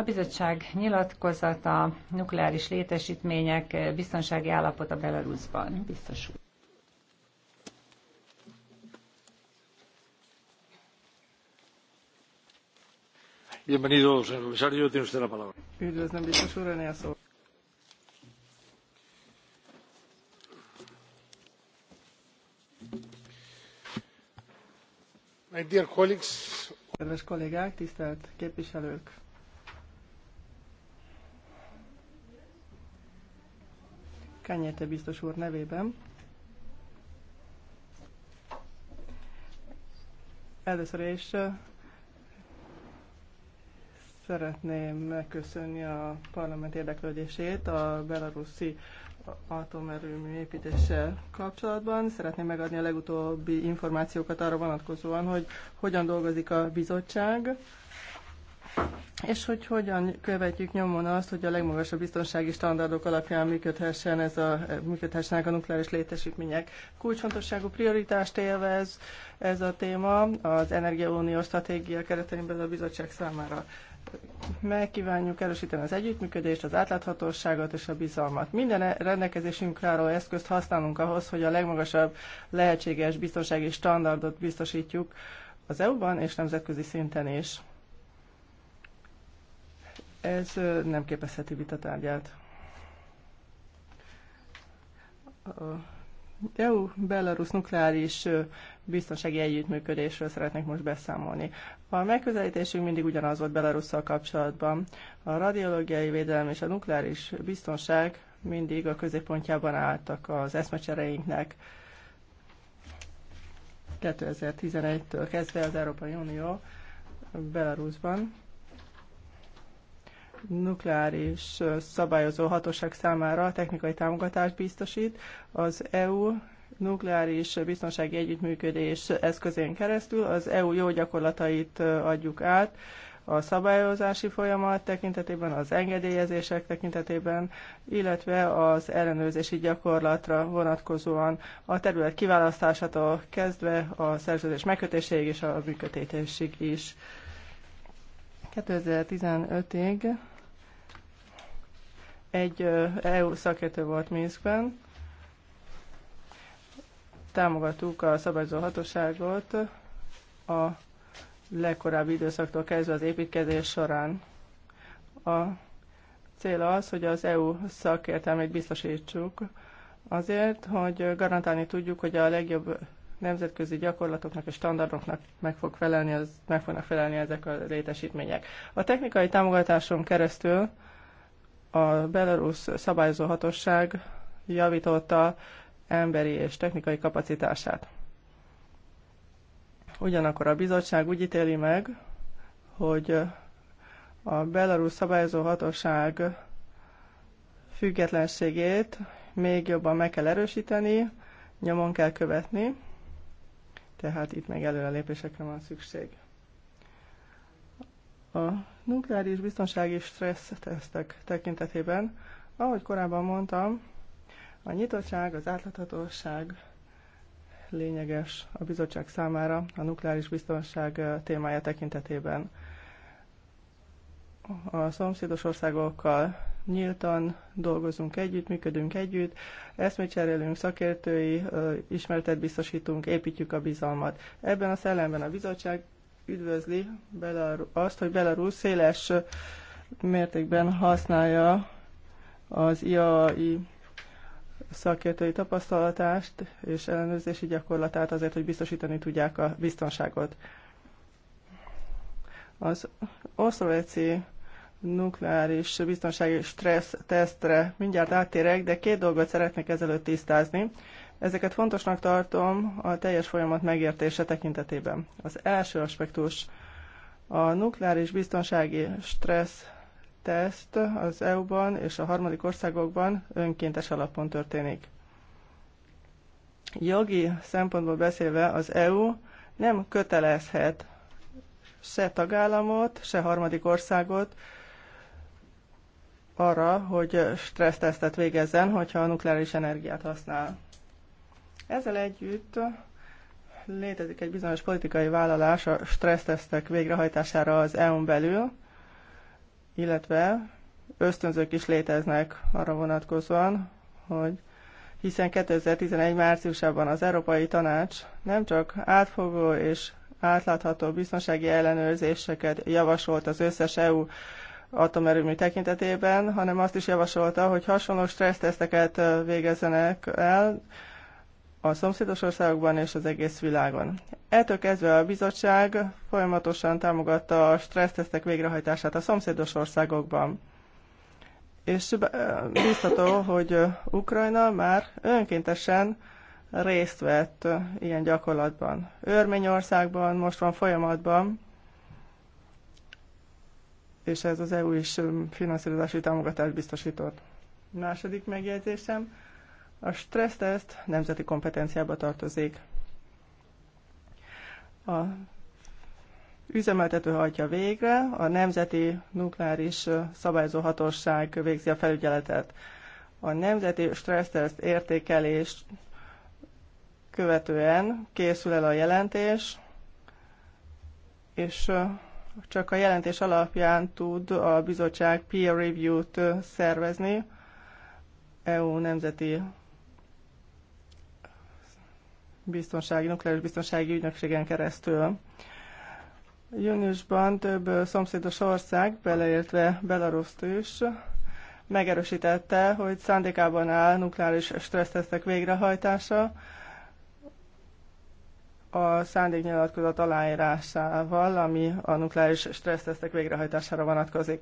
A bizottság nyilatkozata nukleáris létesítmények biztonsági állapota Belarusban. Biztos úr. Bienvenido, señor comisario. Tiene usted la palabra. Üdvözlöm, biztos úr, szó. My dear colleagues. Kedves kollégák, tisztelt képviselők! Kenyete biztos úr nevében. Először is szeretném megköszönni a parlament érdeklődését a belaruszi atomerőmű építéssel kapcsolatban. Szeretném megadni a legutóbbi információkat arra vonatkozóan, hogy hogyan dolgozik a bizottság és hogy hogyan követjük nyomon azt, hogy a legmagasabb biztonsági standardok alapján működhessen ez a, működhessenek a nukleáris létesítmények. Kulcsfontosságú prioritást élvez ez a téma az Energiaunió stratégia keretein belül a bizottság számára. Megkívánjuk erősíteni az együttműködést, az átláthatóságot és a bizalmat. Minden rendelkezésünkre álló eszközt használunk ahhoz, hogy a legmagasabb lehetséges biztonsági standardot biztosítjuk az EU-ban és nemzetközi szinten is ez nem képezheti vitatárgyát. EU-Belarus nukleáris biztonsági együttműködésről szeretnék most beszámolni. A megközelítésünk mindig ugyanaz volt Belarusszal kapcsolatban. A radiológiai védelem és a nukleáris biztonság mindig a középpontjában álltak az eszmecsereinknek. 2011-től kezdve az Európai Unió Belarusban nukleáris szabályozó hatóság számára technikai támogatást biztosít az EU nukleáris biztonsági együttműködés eszközén keresztül. Az EU jó gyakorlatait adjuk át a szabályozási folyamat tekintetében, az engedélyezések tekintetében, illetve az ellenőrzési gyakorlatra vonatkozóan a terület kiválasztásától kezdve a szerződés megkötéséig és a működtetésig is. 2015-ig egy EU szakértő volt Minskben, támogattuk a szabályozó hatóságot a legkorábbi időszaktól kezdve az építkezés során. A cél az, hogy az EU szakértelmét biztosítsuk azért, hogy garantálni tudjuk, hogy a legjobb nemzetközi gyakorlatoknak és standardoknak meg, fog felelni, az, meg fognak felelni ezek a létesítmények. A technikai támogatáson keresztül a belarusz szabályozó hatóság javította emberi és technikai kapacitását. Ugyanakkor a bizottság úgy ítéli meg, hogy a belarusz szabályozó hatóság függetlenségét még jobban meg kell erősíteni, nyomon kell követni, tehát itt meg előrelépésekre van szükség. A Nukleáris biztonsági stressz tesztek tekintetében, ahogy korábban mondtam, a nyitottság, az átláthatóság lényeges a bizottság számára a nukleáris biztonság témája tekintetében. A szomszédos országokkal nyíltan dolgozunk együtt, működünk együtt, eszmét cserélünk, szakértői ismertet biztosítunk, építjük a bizalmat. Ebben a szellemben a bizottság üdvözli azt, hogy Belarus széles mértékben használja az IAI szakértői tapasztalatást és ellenőrzési gyakorlatát azért, hogy biztosítani tudják a biztonságot. Az oszlóveci nukleáris biztonsági stressz tesztre mindjárt áttérek, de két dolgot szeretnék ezelőtt tisztázni. Ezeket fontosnak tartom a teljes folyamat megértése tekintetében. Az első aspektus a nukleáris biztonsági stressz teszt az EU-ban és a harmadik országokban önkéntes alapon történik. Jogi szempontból beszélve az EU nem kötelezhet se tagállamot, se harmadik országot arra, hogy stressztesztet végezzen, hogyha a nukleáris energiát használ. Ezzel együtt létezik egy bizonyos politikai vállalás a stressztesztek végrehajtására az EU-n belül, illetve ösztönzők is léteznek arra vonatkozóan, hogy hiszen 2011 márciusában az Európai Tanács nem csak átfogó és átlátható biztonsági ellenőrzéseket javasolt az összes EU atomerőmű tekintetében, hanem azt is javasolta, hogy hasonló stresszteszteket végezzenek el a szomszédos országokban és az egész világon. Ettől kezdve a bizottság folyamatosan támogatta a stressztesztek végrehajtását a szomszédos országokban. És biztató, hogy Ukrajna már önkéntesen részt vett ilyen gyakorlatban. Örményországban most van folyamatban, és ez az EU is finanszírozási támogatást biztosított. Második megjegyzésem, a stresszteszt nemzeti kompetenciába tartozik. A üzemeltető hajtja végre, a Nemzeti Nukleáris Szabályozó Hatóság végzi a felügyeletet. A Nemzeti Stresszteszt értékelés követően készül el a jelentés, és csak a jelentés alapján tud a bizottság peer review-t szervezni EU nemzeti biztonsági, nukleáris biztonsági ügynökségen keresztül. Júniusban több szomszédos ország, beleértve Belaruszt is, megerősítette, hogy szándékában áll nukleáris stressztesztek végrehajtása a szándéknyilatkozat aláírásával, ami a nukleáris stressztesztek végrehajtására vonatkozik.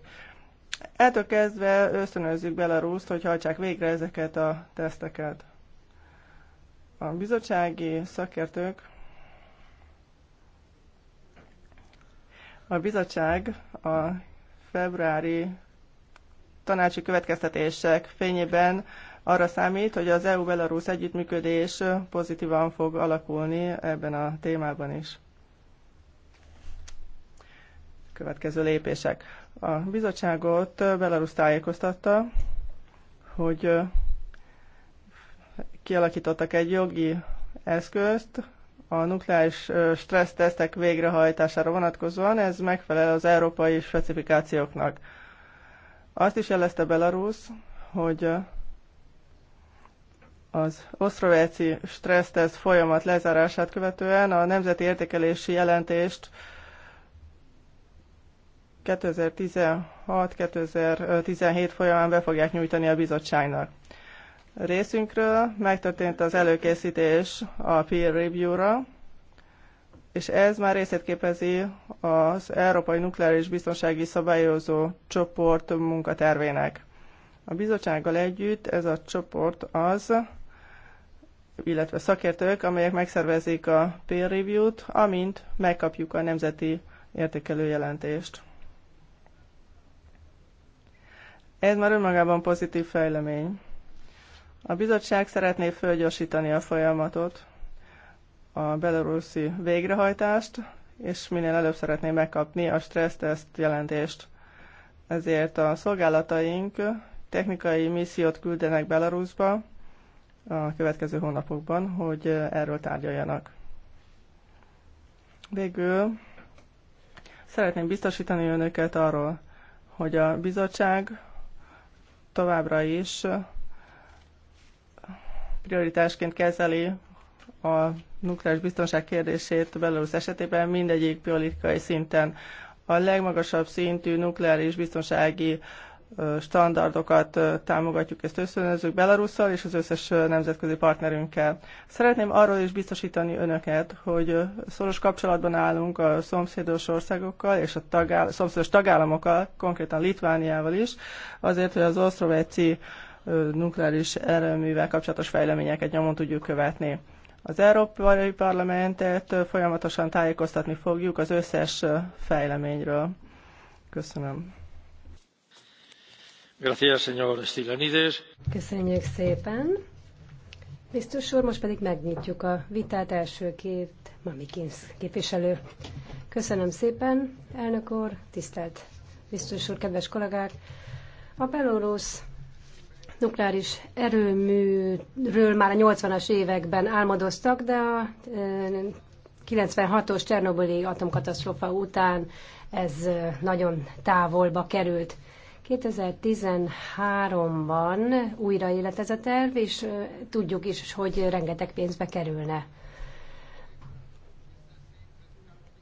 Ettől kezdve ösztönözzük Belaruszt, hogy hajtsák végre ezeket a teszteket. A bizottsági szakértők A bizottság a februári tanácsi következtetések fényében arra számít, hogy az EU-Belarus együttműködés pozitívan fog alakulni ebben a témában is. Következő lépések. A bizottságot Belarus tájékoztatta, hogy kialakítottak egy jogi eszközt a nukleáris stressztesztek végrehajtására vonatkozóan, ez megfelel az európai specifikációknak. Azt is jelezte Belarus, hogy az osztroveci stressztesz folyamat lezárását követően a nemzeti értékelési jelentést 2016-2017 folyamán be fogják nyújtani a bizottságnak részünkről megtörtént az előkészítés a peer review-ra, és ez már részét képezi az Európai Nukleáris Biztonsági Szabályozó Csoport munkatervének. A bizottsággal együtt ez a csoport az, illetve szakértők, amelyek megszervezik a peer review-t, amint megkapjuk a nemzeti értékelő jelentést. Ez már önmagában pozitív fejlemény. A bizottság szeretné fölgyorsítani a folyamatot, a belaruszi végrehajtást, és minél előbb szeretné megkapni a stresszteszt jelentést. Ezért a szolgálataink technikai missziót küldenek Belarusba a következő hónapokban, hogy erről tárgyaljanak. Végül szeretném biztosítani önöket arról, hogy a bizottság továbbra is prioritásként kezeli a nukleáris biztonság kérdését Belarus esetében mindegyik politikai szinten. A legmagasabb szintű nukleáris biztonsági standardokat támogatjuk, ezt ösztönözzük Belarusszal és az összes nemzetközi partnerünkkel. Szeretném arról is biztosítani önöket, hogy szoros kapcsolatban állunk a szomszédos országokkal és a tagáll- szomszédos tagállamokkal, konkrétan Litvániával is, azért, hogy az osztroveci nukleáris erőművel kapcsolatos fejleményeket nyomon tudjuk követni. Az Európai Parlamentet folyamatosan tájékoztatni fogjuk az összes fejleményről. Köszönöm. señor Köszönjük szépen. Biztos úr, most pedig megnyitjuk a vitát első két Mamikins képviselő. Köszönöm szépen, elnök úr, tisztelt biztos úr, kedves kollégák. A belorusz nukleáris erőműről már a 80-as években álmodoztak, de a 96-os Csernobili atomkatasztrófa után ez nagyon távolba került. 2013-ban újra élet ez a terv, és tudjuk is, hogy rengeteg pénzbe kerülne.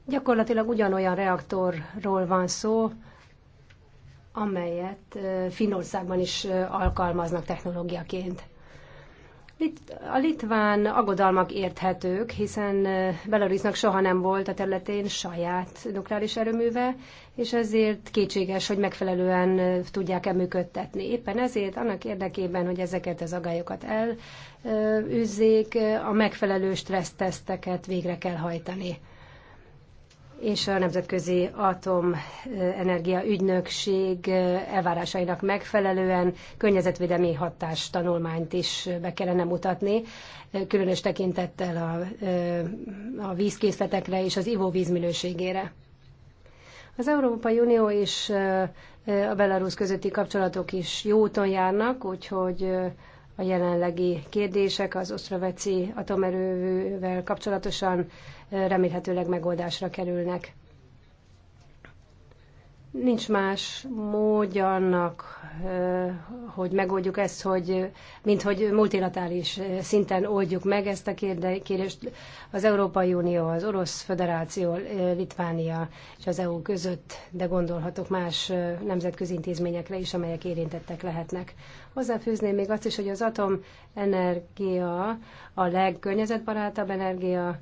Gyakorlatilag ugyanolyan reaktorról van szó, amelyet Finországban is alkalmaznak technológiaként. A litván aggodalmak érthetők, hiszen Belarusnak soha nem volt a területén saját nukleáris erőműve, és ezért kétséges, hogy megfelelően tudják-e működtetni. Éppen ezért annak érdekében, hogy ezeket az agályokat elűzzék, a megfelelő stresszteszteket végre kell hajtani és a Nemzetközi Atomenergia eh, Ügynökség eh, elvárásainak megfelelően környezetvédelmi hatástanulmányt is eh, be kellene mutatni, különös tekintettel a, a vízkészletekre és az ivóvíz minőségére. Az Európai Unió és a Belarus közötti kapcsolatok is jó úton járnak, úgyhogy a jelenlegi kérdések az osztroveci atomerővel kapcsolatosan remélhetőleg megoldásra kerülnek. Nincs más módja annak, hogy megoldjuk ezt, hogy, mint hogy multilatáris szinten oldjuk meg ezt a kérdést. Az Európai Unió, az Orosz Föderáció, Litvánia és az EU között, de gondolhatok más nemzetközi intézményekre is, amelyek érintettek lehetnek. Hozzáfűzném még azt is, hogy az atomenergia a legkörnyezetbarátabb energia,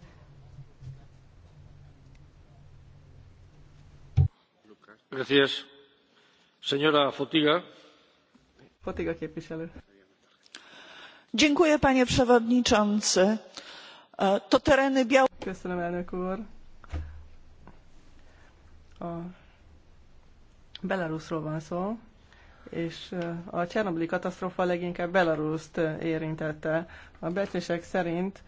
panie przewodniczący! E, to tereny białorusi. belarusról és e, a csernobili katasztrófa leginkább belarust e, érintette. a becslések szerint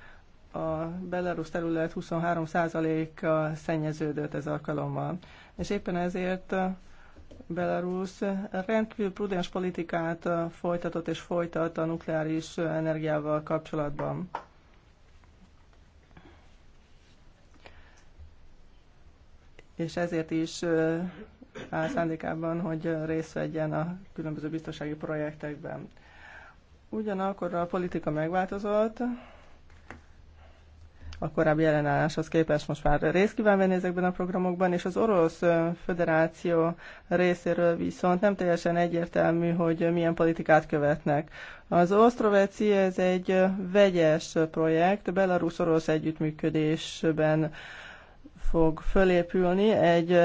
a belarus terület 23%-a szennyeződött ez alkalommal és éppen ezért eh, Belarus rendkívül prudens politikát eh, folytatott és folytat a nukleáris energiával kapcsolatban. És ezért is eh, áll szándékában, hogy részt vegyen a különböző biztonsági projektekben. Ugyanakkor a politika megváltozott, a korábbi ellenálláshoz képest most már részt kíván venni ezekben a programokban, és az Orosz Föderáció részéről viszont nem teljesen egyértelmű, hogy milyen politikát követnek. Az Ostroveci ez egy vegyes projekt, belarus-orosz együttműködésben fog fölépülni, egy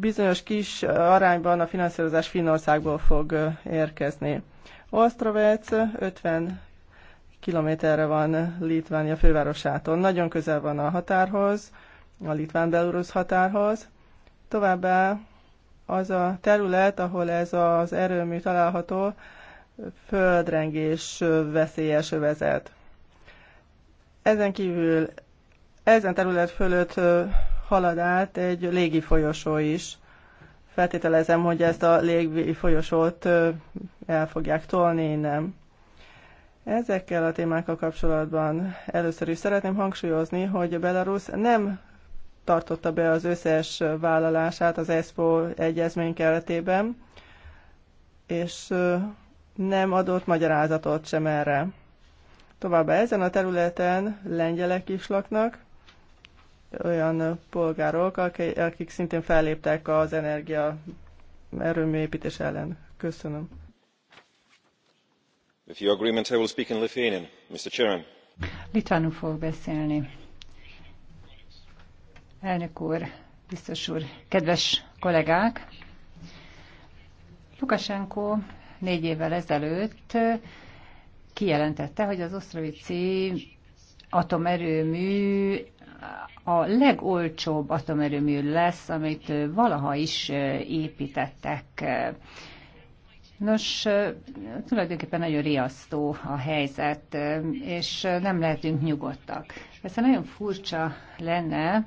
bizonyos kis arányban a finanszírozás Finnországból fog érkezni. Ostrovec 50 kilométerre van Litvánia fővárosától. Nagyon közel van a határhoz, a litván-belorusz határhoz. Továbbá az a terület, ahol ez az erőmű található, földrengés veszélyes övezet. Ezen kívül ezen terület fölött halad át egy légi folyosó is. Feltételezem, hogy ezt a légi folyosót el fogják tolni innen. Ezekkel a témákkal kapcsolatban először is szeretném hangsúlyozni, hogy Belarus nem tartotta be az összes vállalását az ESPO egyezmény keretében, és nem adott magyarázatot sem erre. Továbbá ezen a területen lengyelek is laknak, olyan polgárok, akik szintén felléptek az energia erőmű építés ellen. Köszönöm. If agreement, I will speak in Lithuanian, Mr. Chairman. Litvánul fog beszélni. Elnök úr, biztos úr, kedves kollégák! Lukasenko négy évvel ezelőtt kijelentette, hogy az osztrovici atomerőmű a legolcsóbb atomerőmű lesz, amit valaha is építettek Nos, tulajdonképpen nagyon riasztó a helyzet, és nem lehetünk nyugodtak. Persze nagyon furcsa lenne,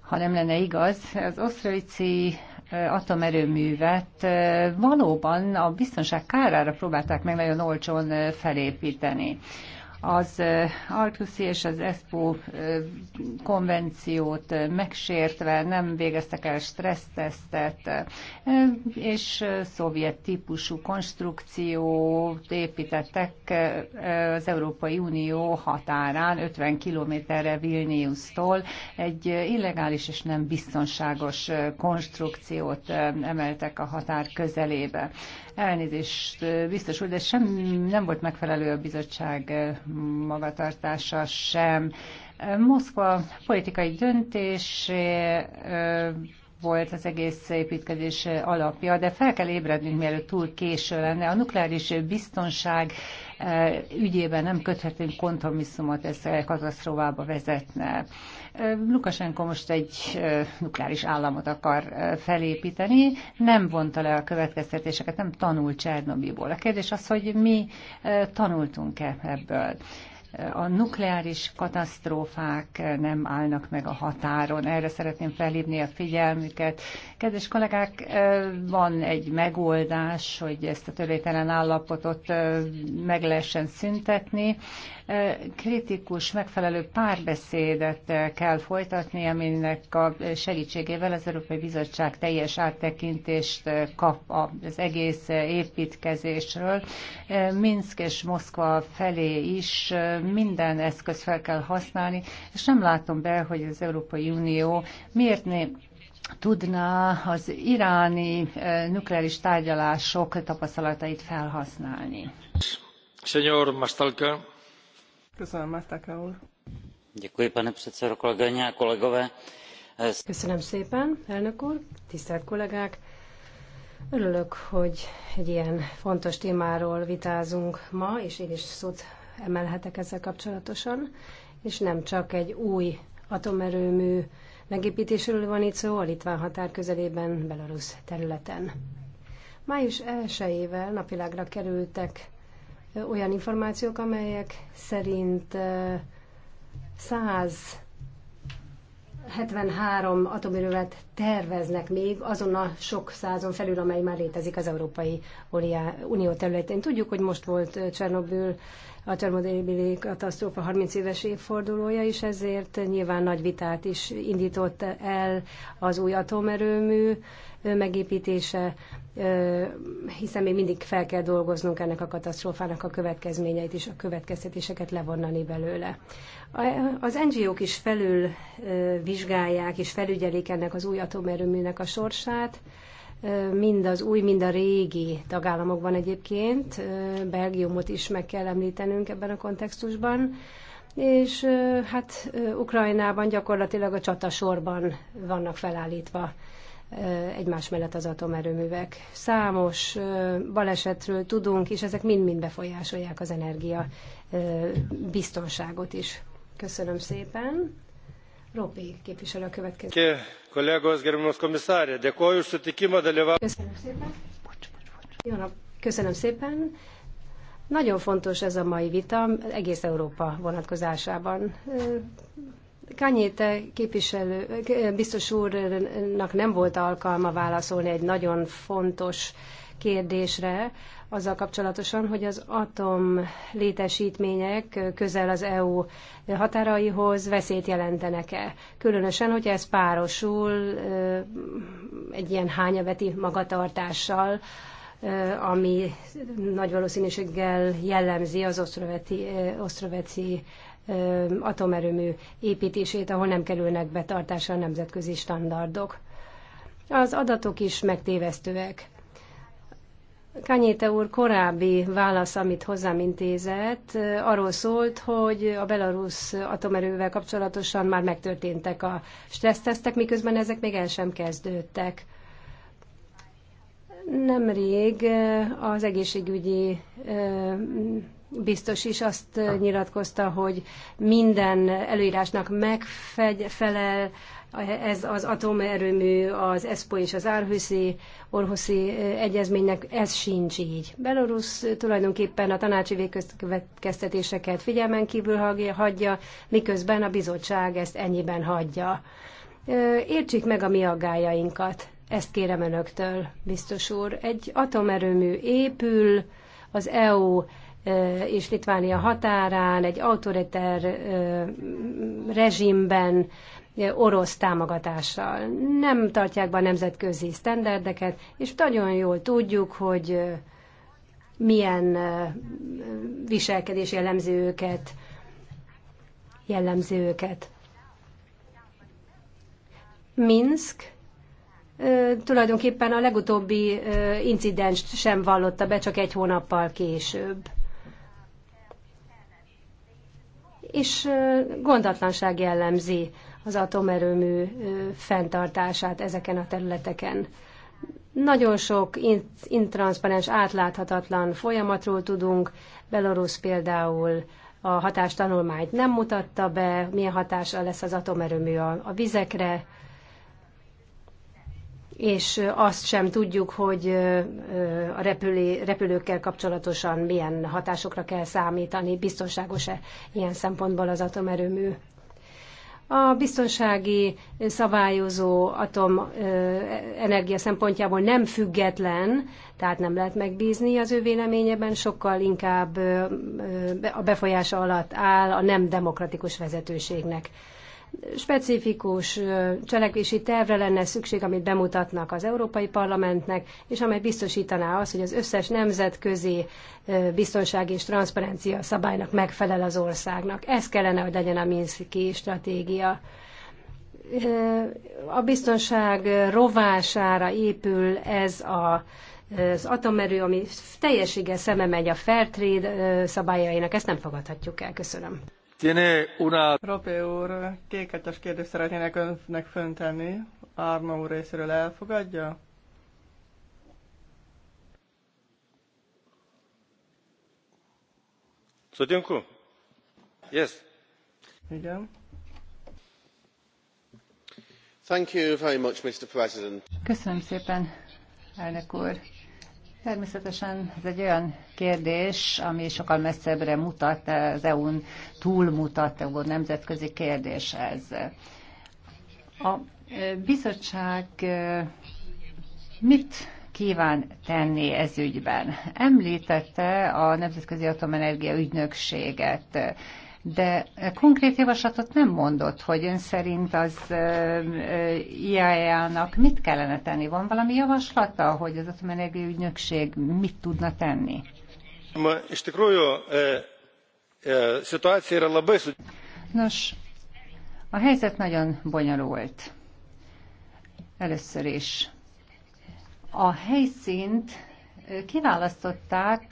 ha nem lenne igaz, az osztraici atomerőművet valóban a biztonság kárára próbálták meg nagyon olcsón felépíteni az Arkuszi és az ESPO konvenciót megsértve nem végeztek el stressztesztet, és szovjet típusú konstrukciót építettek az Európai Unió határán 50 kilométerre Vilniusztól egy illegális és nem biztonságos konstrukciót emeltek a határ közelébe. Elnézést, biztos úr, de sem nem volt megfelelő a bizottság eh, magatartása sem. Eh, Moszkva politikai döntés eh, volt az egész építkezés alapja, de fel kell ébrednünk, mielőtt túl késő lenne. A nukleáris biztonság E, ügyében nem köthetünk kompromisszumot, ez e, katasztrófába vezetne. E, Lukasenko most egy nukleáris államot akar felépíteni, nem vonta le a következtetéseket, nem tanult Csernobiból. A kérdés az, hogy mi tanultunk-e ebből a nukleáris katasztrófák nem állnak meg a határon. Erre szeretném felhívni a figyelmüket. Kedves kollégák, van egy megoldás, hogy ezt a törvénytelen állapotot meg lehessen szüntetni. Kritikus, megfelelő párbeszédet kell folytatni, aminek a segítségével az Európai Bizottság teljes áttekintést kap az egész építkezésről. Minsk és Moszkva felé is minden eszköz fel kell használni, és nem látom be, hogy az Európai Unió miért né tudná az iráni eh, nukleáris tárgyalások tapasztalatait felhasználni. Señor Mastalka. Köszönöm, Mastalka úr. Děkuji, pane předsedo, kolegyně a kolegové. Köszönöm szépen, elnök úr, tisztelt kollégák! Örülök, hogy egy ilyen fontos témáról vitázunk ma, és én is szót emelhetek ezzel kapcsolatosan, és nem csak egy új atomerőmű megépítésről van itt szó a Litván határ közelében, Belarus területen. Május 1-ével napvilágra kerültek olyan információk, amelyek szerint 173 atomerővet terveznek még, azon a sok százon felül, amely már létezik az Európai Unió területén. Tudjuk, hogy most volt Csernobyl, a Csernobili katasztrófa 30 éves évfordulója, is ezért nyilván nagy vitát is indított el az új atomerőmű megépítése, hiszen még mindig fel kell dolgoznunk ennek a katasztrófának a következményeit és a következtetéseket levonnani belőle. Az NGO-k is felül vizsgálják és felügyelik ennek az új atomerőműnek a sorsát, mind az új, mind a régi tagállamokban egyébként. Belgiumot is meg kell említenünk ebben a kontextusban. És hát Ukrajnában gyakorlatilag a csatasorban vannak felállítva egymás mellett az atomerőművek. Számos balesetről tudunk, és ezek mind-mind befolyásolják az energia biztonságot is. Köszönöm szépen! képviselő a következő. Kollégos, dekoju Köszönöm szépen. Jó nap. Köszönöm szépen. Nagyon fontos ez a mai vita egész Európa vonatkozásában. Kányéte képviselő, biztos úrnak nem volt alkalma válaszolni egy nagyon fontos kérdésre, azzal kapcsolatosan, hogy az atom létesítmények közel az EU határaihoz veszélyt jelentenek-e. Különösen, hogy ez párosul egy ilyen hányaveti magatartással, ami nagy valószínűséggel jellemzi az osztroveti, osztroveci atomerőmű építését, ahol nem kerülnek betartásra a nemzetközi standardok. Az adatok is megtévesztőek. Kanyéte úr korábbi válasz, amit hozzám intézett, arról szólt, hogy a belarusz atomerővel kapcsolatosan már megtörténtek a stressztesztek, miközben ezek még el sem kezdődtek. Nemrég az egészségügyi biztos is azt nyilatkozta, hogy minden előírásnak megfelel ez az atomerőmű, az ESPO és az Árhőszi Orhoszi Egyezménynek, ez sincs így. Belarus tulajdonképpen a tanácsi végkövetkeztetéseket figyelmen kívül hagyja, miközben a bizottság ezt ennyiben hagyja. Értsék meg a mi aggájainkat, ezt kérem önöktől, biztos úr. Egy atomerőmű épül, az EU és Litvánia határán, egy autoriter rezsimben, orosz támogatással. Nem tartják be a nemzetközi sztenderdeket, és nagyon jól tudjuk, hogy milyen viselkedés jellemző őket, jellemző őket. Minsk tulajdonképpen a legutóbbi incidens sem vallotta be, csak egy hónappal később. és gondatlanság jellemzi az atomerőmű fenntartását ezeken a területeken. Nagyon sok intranszparens, átláthatatlan folyamatról tudunk. Belarus például a hatástanulmányt nem mutatta be, milyen hatása lesz az atomerőmű a, a vizekre, és azt sem tudjuk, hogy a repülé, repülőkkel kapcsolatosan milyen hatásokra kell számítani, biztonságos-e ilyen szempontból az atomerőmű. A biztonsági szabályozó atomenergia szempontjából nem független, tehát nem lehet megbízni az ő véleményeben, sokkal inkább a befolyása alatt áll a nem demokratikus vezetőségnek specifikus cselekvési tervre lenne szükség, amit bemutatnak az Európai Parlamentnek, és amely biztosítaná azt, hogy az összes nemzetközi biztonsági és transzparencia szabálynak megfelel az országnak. Ez kellene, hogy legyen a Minszki stratégia. A biztonság rovására épül ez a az atomerő, ami teljességgel szembe megy a Fairtrade szabályainak, ezt nem fogadhatjuk el. Köszönöm. Tiene una... Ropé úr, kékettes kérdést szeretnének önnek föntenni. Árma úr részéről elfogadja? Szodjanko? Yes. Igen. Thank you very much, Mr. President. Köszönöm szépen, elnök úr. Természetesen ez egy olyan kérdés, ami sokkal messzebbre mutat, az EU-n túlmutat, EU nemzetközi kérdés ez. A e, bizottság e, mit kíván tenni ez ügyben? Említette a Nemzetközi Atomenergia Ügynökséget de konkrét javaslatot nem mondott, hogy ön szerint az IAEA-nak mit kellene tenni. Van valami javaslata, hogy az atomenergia ügynökség mit tudna tenni? E, e, Nos, a helyzet nagyon bonyolult. Először is. A helyszínt kiválasztották,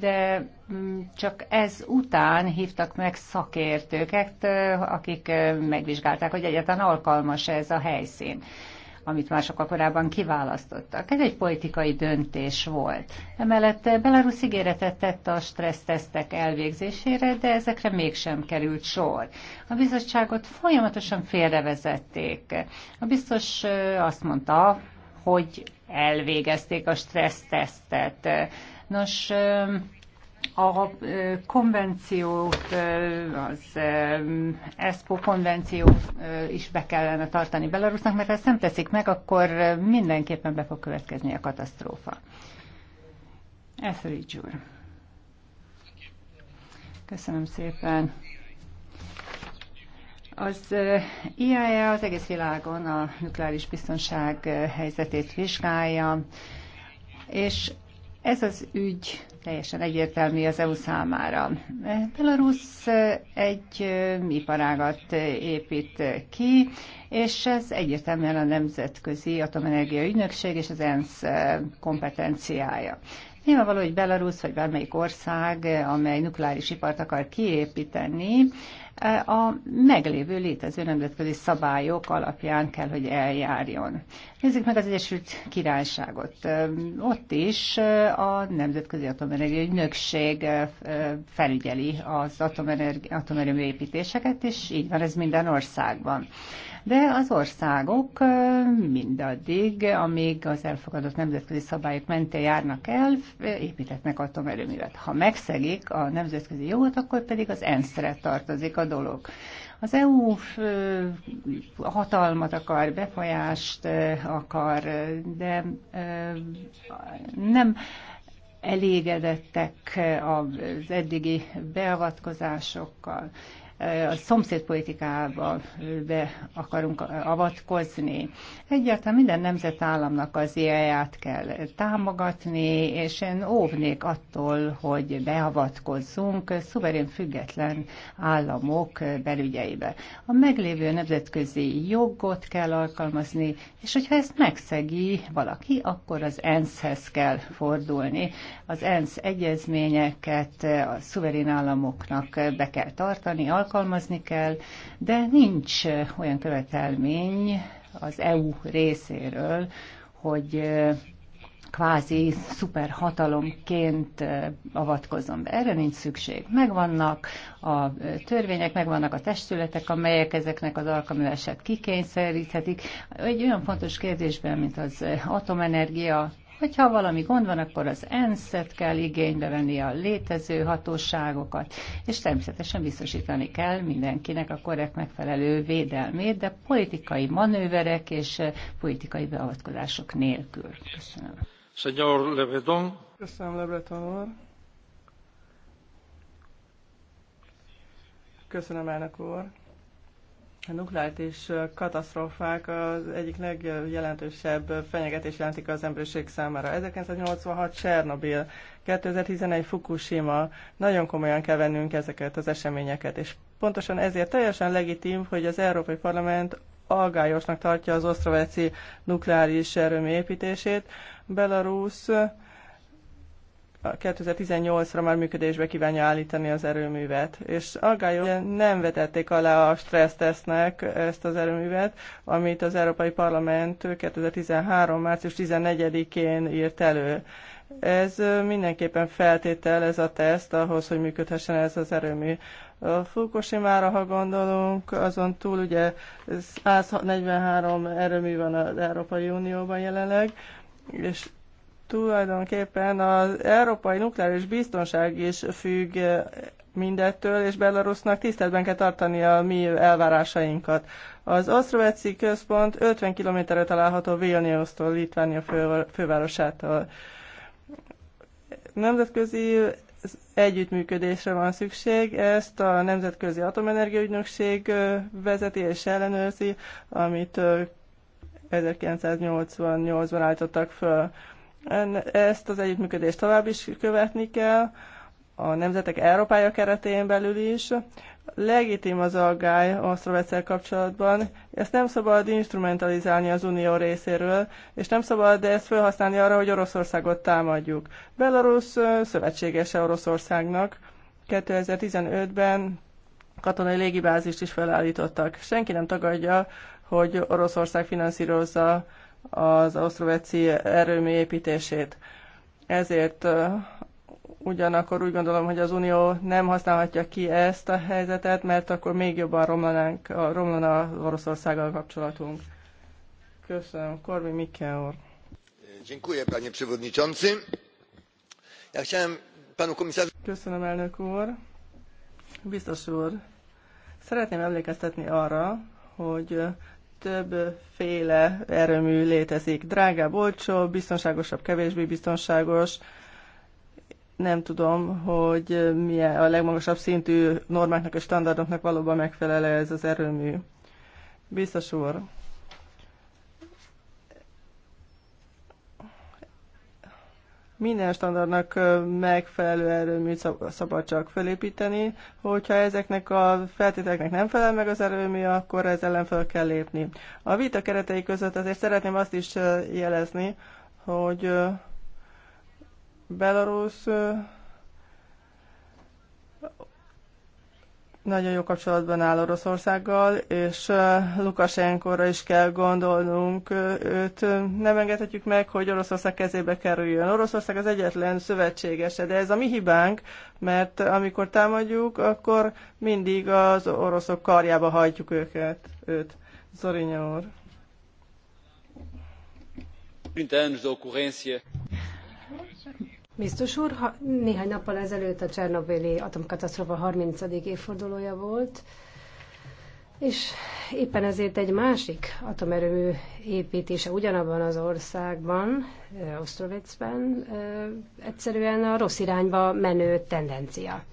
de mm, csak ez után hívtak meg szakértőket, eh, akik eh, megvizsgálták, hogy egyáltalán alkalmas ez a helyszín amit mások korábban kiválasztottak. Ez egy politikai döntés volt. Emellett eh, Belarus ígéretet tett a stressztesztek elvégzésére, de ezekre mégsem került sor. A bizottságot folyamatosan félrevezették. A biztos azt mondta, hogy elvégezték a stressztesztet. Nos, a konvenciót, az ESPO eh, konvenciót eh, is be kellene tartani Belarusnak, mert ha ezt nem teszik meg, akkor mindenképpen be fog következni a katasztrófa. Ez úr. Köszönöm szépen. Az IAEA e az egész világon a nukleáris biztonság helyzetét vizsgálja, és ez az ügy teljesen egyértelmű az EU számára. Belarus egy iparágat épít ki, és ez egyértelműen a Nemzetközi Atomenergia Ügynökség és az ENSZ kompetenciája. Nyilvánvaló, hogy Belarus vagy bármelyik ország, amely nukleáris ipart akar kiépíteni, a meglévő létező nemzetközi szabályok alapján kell, hogy eljárjon. Nézzük meg az Egyesült Királyságot. Ott is a Nemzetközi Atomenergia Ügynökség felügyeli az atomerőmű építéseket, és így van ez minden országban de az országok mindaddig, amíg az elfogadott nemzetközi szabályok mentén járnak el, építetnek atomerőművet. Ha megszegik a nemzetközi jogot, akkor pedig az ENSZ-re tartozik a dolog. Az EU hatalmat akar, befolyást akar, de nem elégedettek az eddigi beavatkozásokkal a szomszédpolitikába be akarunk avatkozni. Egyáltalán minden nemzetállamnak az ilyet kell támogatni, és én óvnék attól, hogy beavatkozzunk szuverén független államok belügyeibe. A meglévő nemzetközi jogot kell alkalmazni, és hogyha ezt megszegi valaki, akkor az ENSZ-hez kell fordulni az ENSZ egyezményeket a szuverén államoknak be kell tartani, alkalmazni kell, de nincs olyan követelmény az EU részéről, hogy kvázi szuperhatalomként avatkozom be. Erre nincs szükség. Megvannak a törvények, megvannak a testületek, amelyek ezeknek az alkalmazását kikényszeríthetik. Egy olyan fontos kérdésben, mint az atomenergia Hogyha valami gond van, akkor az ENSZ-et kell igénybe venni a létező hatóságokat, és természetesen biztosítani kell mindenkinek a korrekt megfelelő védelmét, de politikai manőverek és eh, politikai beavatkozások nélkül. Köszönöm. Señor Lebedon. Köszönöm, Lebedon úr. Köszönöm, elnök úr. A nukleáris katasztrófák az egyik legjelentősebb fenyegetés jelentik az emberiség számára. 1986 Csernobil, 2011 Fukushima. Nagyon komolyan kell vennünk ezeket az eseményeket, és pontosan ezért teljesen legitim, hogy az Európai Parlament aggályosnak tartja az osztroveci nukleáris erőmű építését. Belarus 2018-ra már működésbe kívánja állítani az erőművet. És aggályok nem vetették alá a stressztesznek ezt az erőművet, amit az Európai Parlament 2013. március 14-én írt elő. Ez mindenképpen feltétel, ez a teszt ahhoz, hogy működhessen ez az erőmű. A Fukushima-ra, ha gondolunk, azon túl ugye 143 erőmű van az Európai Unióban jelenleg, és Tulajdonképpen az európai nukleáris biztonság is függ eh, mindettől, és Belarusnak tiszteletben kell tartani a mi elvárásainkat. Az Osztrovetszi központ 50 kilométerre található Vilniusztól, Litvánia fő, fővárosától. Nemzetközi együttműködésre van szükség, ezt a Nemzetközi Atomenergia Ügynökség eh, vezeti és ellenőrzi, amit 1988-ban eh, állítottak föl. Ezt az együttműködést tovább is követni kell, a Nemzetek Európája keretén belül is. Legitim az aggály Osztrovetszel kapcsolatban. Ezt nem szabad instrumentalizálni az Unió részéről, és nem szabad ezt felhasználni arra, hogy Oroszországot támadjuk. Belarus szövetségese Oroszországnak. 2015-ben katonai légibázist is felállítottak. Senki nem tagadja, hogy Oroszország finanszírozza az Osztroveci erőmű építését. Ezért ugyanakkor úgy gondolom, hogy az Unió nem használhatja ki ezt a helyzetet, mert akkor még jobban romlanánk, romlana az Oroszországgal kapcsolatunk. Köszönöm. Korvin Mikke Dziękuję, panie przewodniczący. Ja chciałem panu komisarz... Köszönöm, elnök úr. Biztos úr. Szeretném emlékeztetni arra, hogy többféle erőmű létezik. Drágább, olcsó, biztonságosabb, kevésbé biztonságos. Nem tudom, hogy milyen a legmagasabb szintű normáknak és standardoknak valóban megfelel ez az erőmű. Biztos úr, Minden standardnak megfelelő erőmű szabad csak felépíteni. hogyha ezeknek a feltételeknek nem felel meg az erőmű, akkor ez ellen fel kell lépni. A vita keretei között azért szeretném azt is jelezni, hogy Belarus nagyon jó kapcsolatban áll Oroszországgal, és Lukasenkorra is kell gondolnunk. Őt nem engedhetjük meg, hogy Oroszország kezébe kerüljön. Oroszország az egyetlen szövetségese, de ez a mi hibánk, mert amikor támadjuk, akkor mindig az oroszok karjába hajtjuk őket, őt. Zorinja úr. Biztos úr, ha néhány nappal ezelőtt a Csernobéli atomkatasztrófa 30. évfordulója volt, és éppen ezért egy másik atomerőmű építése ugyanabban az országban, Osztrovicben, egyszerűen a rossz irányba menő tendencia.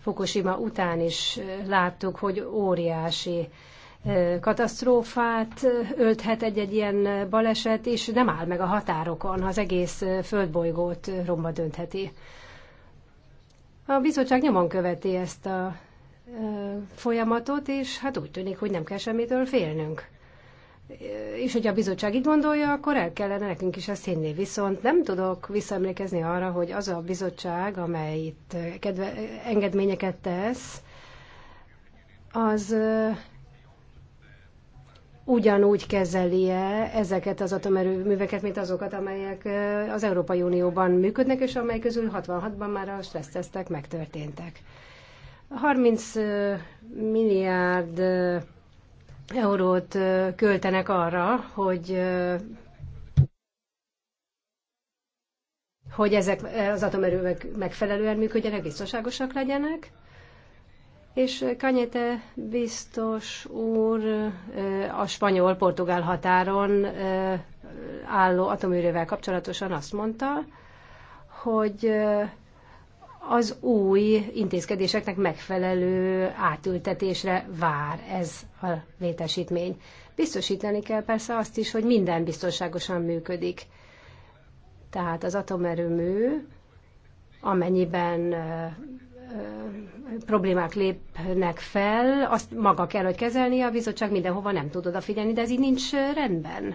Fukushima után is láttuk, hogy óriási katasztrófát ölthet egy-egy ilyen baleset, és nem áll meg a határokon, az egész földbolygót romba döntheti. A bizottság nyomon követi ezt a folyamatot, és hát úgy tűnik, hogy nem kell semmitől félnünk. És hogy a bizottság így gondolja, akkor el kellene nekünk is ezt hinni. Viszont nem tudok visszaemlékezni arra, hogy az a bizottság, amely itt kedve, engedményeket tesz, az ugyanúgy kezelie ezeket az atomerőműveket, mint azokat, amelyek az Európai Unióban működnek, és amely közül 66-ban már a stressztesztek megtörténtek. 30 milliárd eurót költenek arra, hogy hogy ezek az atomerővek megfelelően működjenek, biztonságosak legyenek, és Kanyete biztos úr a spanyol-portugál határon álló atomőrővel kapcsolatosan azt mondta, hogy az új intézkedéseknek megfelelő átültetésre vár ez a létesítmény. Biztosítani kell persze azt is, hogy minden biztonságosan működik. Tehát az atomerőmű, amennyiben problémák lépnek fel, azt maga kell, hogy kezelni a bizottság mindenhova nem tud odafigyelni, de ez így nincs rendben.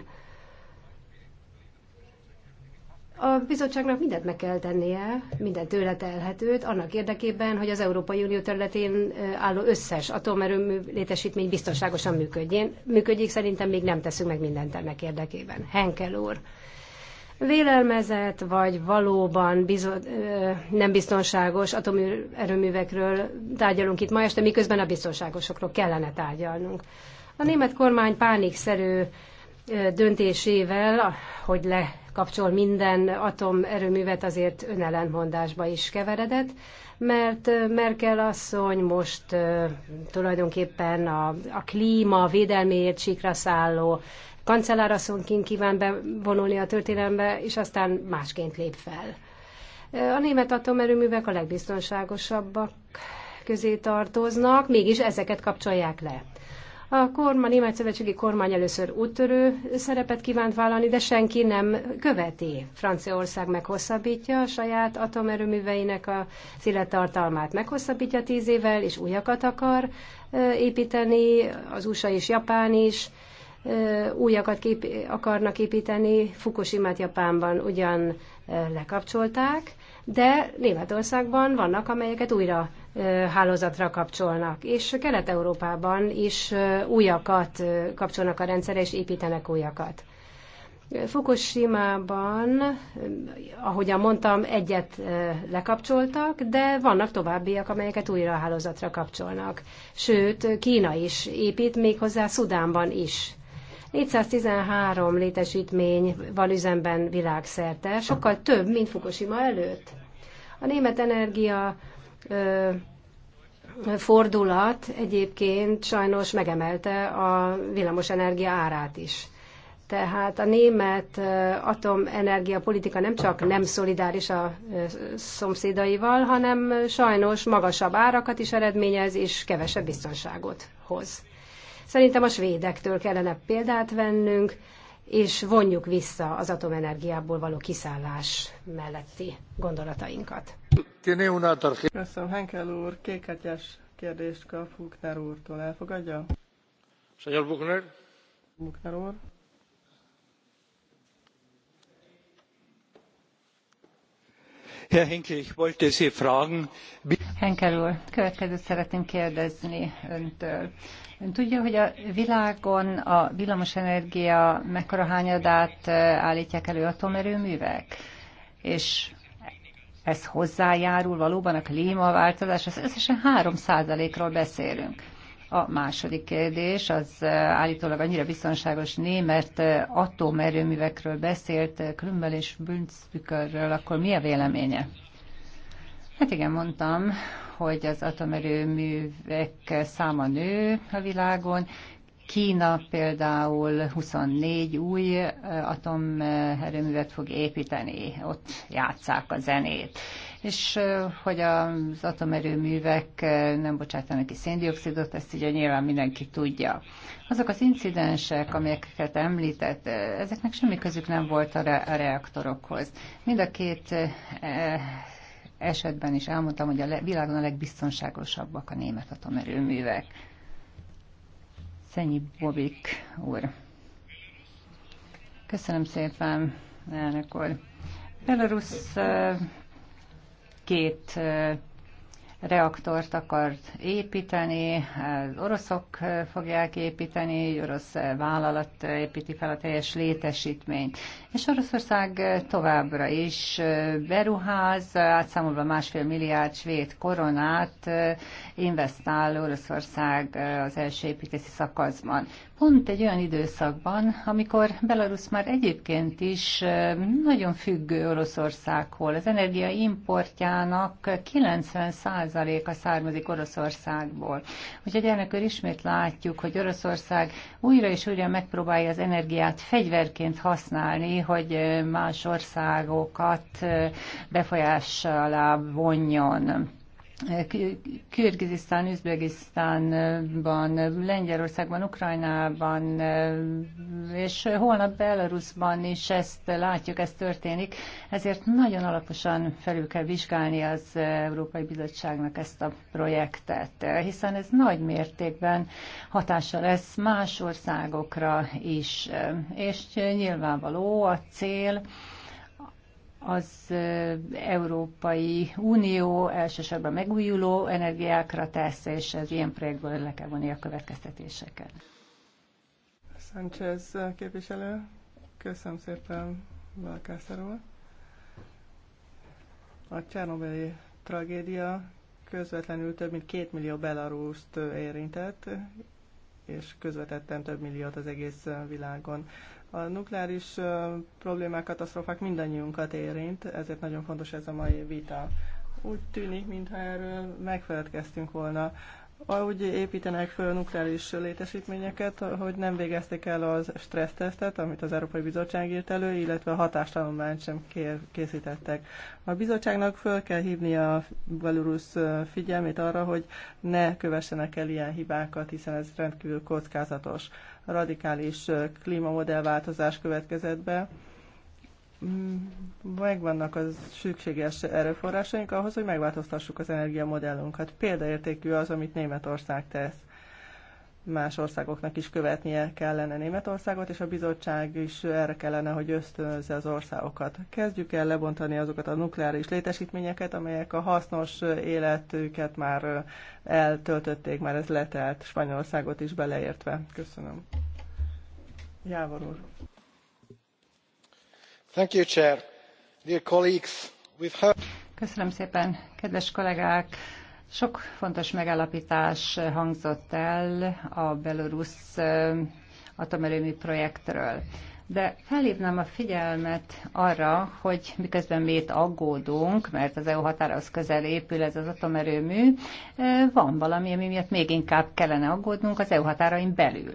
A bizottságnak mindent meg kell tennie, minden tőle telhetőt, annak érdekében, hogy az Európai Unió területén álló összes atomerőmű létesítmény biztonságosan működjén. Működjék, szerintem még nem teszünk meg mindent ennek érdekében. Henkel úr lélelmezett, vagy valóban bizo- nem biztonságos atomerőművekről tárgyalunk itt ma este, miközben a biztonságosokról kellene tárgyalnunk. A német kormány pánikszerű döntésével, hogy lekapcsol minden atomerőművet, azért önellentmondásba is keveredett, mert Merkel asszony most tulajdonképpen a, a klíma védelméért sikra szálló kancellárasszonyként kíván bevonulni a történelembe, és aztán másként lép fel. A német atomerőművek a legbiztonságosabbak közé tartoznak, mégis ezeket kapcsolják le. A kormány, a német szövetségi kormány először úttörő szerepet kívánt vállalni, de senki nem követi. Franciaország meghosszabbítja a saját atomerőműveinek a szilettartalmát, meghosszabbítja tíz évvel, és újakat akar építeni, az USA és Japán is újakat kép- akarnak építeni. Fukushimát Japánban ugyan lekapcsolták, de Németországban vannak, amelyeket újra hálózatra kapcsolnak, és Kelet-Európában is újakat kapcsolnak a rendszerre, és építenek újakat. Fukushima-ban, ahogyan mondtam, egyet lekapcsoltak, de vannak továbbiak, amelyeket újra a hálózatra kapcsolnak. Sőt, Kína is épít, méghozzá Szudánban is. 413 létesítmény van üzemben világszerte, sokkal több, mint Fukushima előtt. A német energia ö, fordulat egyébként sajnos megemelte a villamosenergia árát is. Tehát a német atomenergia politika nem csak nem szolidáris a szomszédaival, hanem sajnos magasabb árakat is eredményez, és kevesebb biztonságot hoz. Szerintem a svédektől kellene példát vennünk, és vonjuk vissza az atomenergiából való kiszállás melletti gondolatainkat. Köszönöm, Henkel úr. Kékhetyes kérdést kap Buchner úrtól. Elfogadja? Señor Buchner. Buchner úr. Herr Henkel, ich wollte Sie fragen. Henkel úr, következőt szeretném kérdezni öntől. Ön tudja, hogy a világon a villamosenergia mekkora hányadát állítják elő atomerőművek? És ez hozzájárul valóban a klímaváltozás, ez összesen 3%-ról beszélünk. A második kérdés, az állítólag annyira biztonságos német atomerőművekről beszélt, Krümmel és Bünzbükörről, akkor mi a véleménye? Hát igen, mondtam, hogy az atomerőművek száma nő a világon. Kína például 24 új atomerőművet fog építeni, ott játszák a zenét és hogy az atomerőművek nem bocsátanak ki széndiokszidot, ezt ugye nyilván mindenki tudja. Azok az incidensek, amelyeket említett, ezeknek semmi közük nem volt a, re- a reaktorokhoz. Mind a két esetben is elmondtam, hogy a világon a legbiztonságosabbak a német atomerőművek. Szenyi Bobik úr. Köszönöm szépen, elnök úr. Belarus két reaktort akart építeni, az oroszok fogják építeni, egy orosz vállalat építi fel a teljes létesítményt. És Oroszország továbbra is beruház, átszámolva másfél milliárd svéd koronát investál Oroszország az első építési szakaszban. Pont egy olyan időszakban, amikor Belarus már egyébként is nagyon függő Oroszországhoz. Az energia importjának 90%-a származik Oroszországból. Úgyhogy elnök ismét látjuk, hogy Oroszország újra és újra megpróbálja az energiát fegyverként használni, hogy más országokat befolyással vonjon. Kirgizisztán, Üzbegisztánban, Lengyelországban, Ukrajnában, és holnap Belarusban is ezt látjuk, ez történik. Ezért nagyon alaposan felül kell vizsgálni az Európai Bizottságnak ezt a projektet, hiszen ez nagy mértékben hatással lesz más országokra is. És nyilvánvaló a cél, az Európai Unió elsősorban megújuló energiákra tesz, és az ilyen projektből le kell vonni a következtetéseket. Sánchez képviselő, köszönöm szépen Balkászarul. A Csernobeli tragédia közvetlenül több mint két millió belarúst érintett, és közvetetten több milliót az egész világon. A nukleáris problémák, katasztrófák mindannyiunkat érint, ezért nagyon fontos ez a mai vita. Úgy tűnik, mintha erről megfeledkeztünk volna. Ahogy építenek föl nukleáris létesítményeket, hogy nem végezték el az stressztesztet, amit az Európai Bizottság írt elő, illetve a hatástalanulmányt sem kér, készítettek. A bizottságnak föl kell hívni a Belarus figyelmét arra, hogy ne kövessenek el ilyen hibákat, hiszen ez rendkívül kockázatos radikális klímamodellváltozás következett be. Mm, megvannak az szükséges erőforrásaink ahhoz, hogy megváltoztassuk az energiamodellunkat. Példaértékű az, amit Németország tesz más országoknak is követnie kellene Németországot, és a bizottság is erre kellene, hogy ösztönözze az országokat. Kezdjük el lebontani azokat a nukleáris létesítményeket, amelyek a hasznos életüket már eltöltötték, már ez letelt Spanyolországot is beleértve. Köszönöm. Jávor úr. Thank you, Chair. Dear colleagues, we've heard... Köszönöm szépen, kedves kollégák! Sok fontos megállapítás hangzott el a belorusz eh, atomerőmű projektről. De felhívnám a figyelmet arra, hogy miközben mi itt aggódunk, mert az EU határahoz közel épül ez az atomerőmű, eh, van valami, ami miatt még inkább kellene aggódnunk az EU határain belül.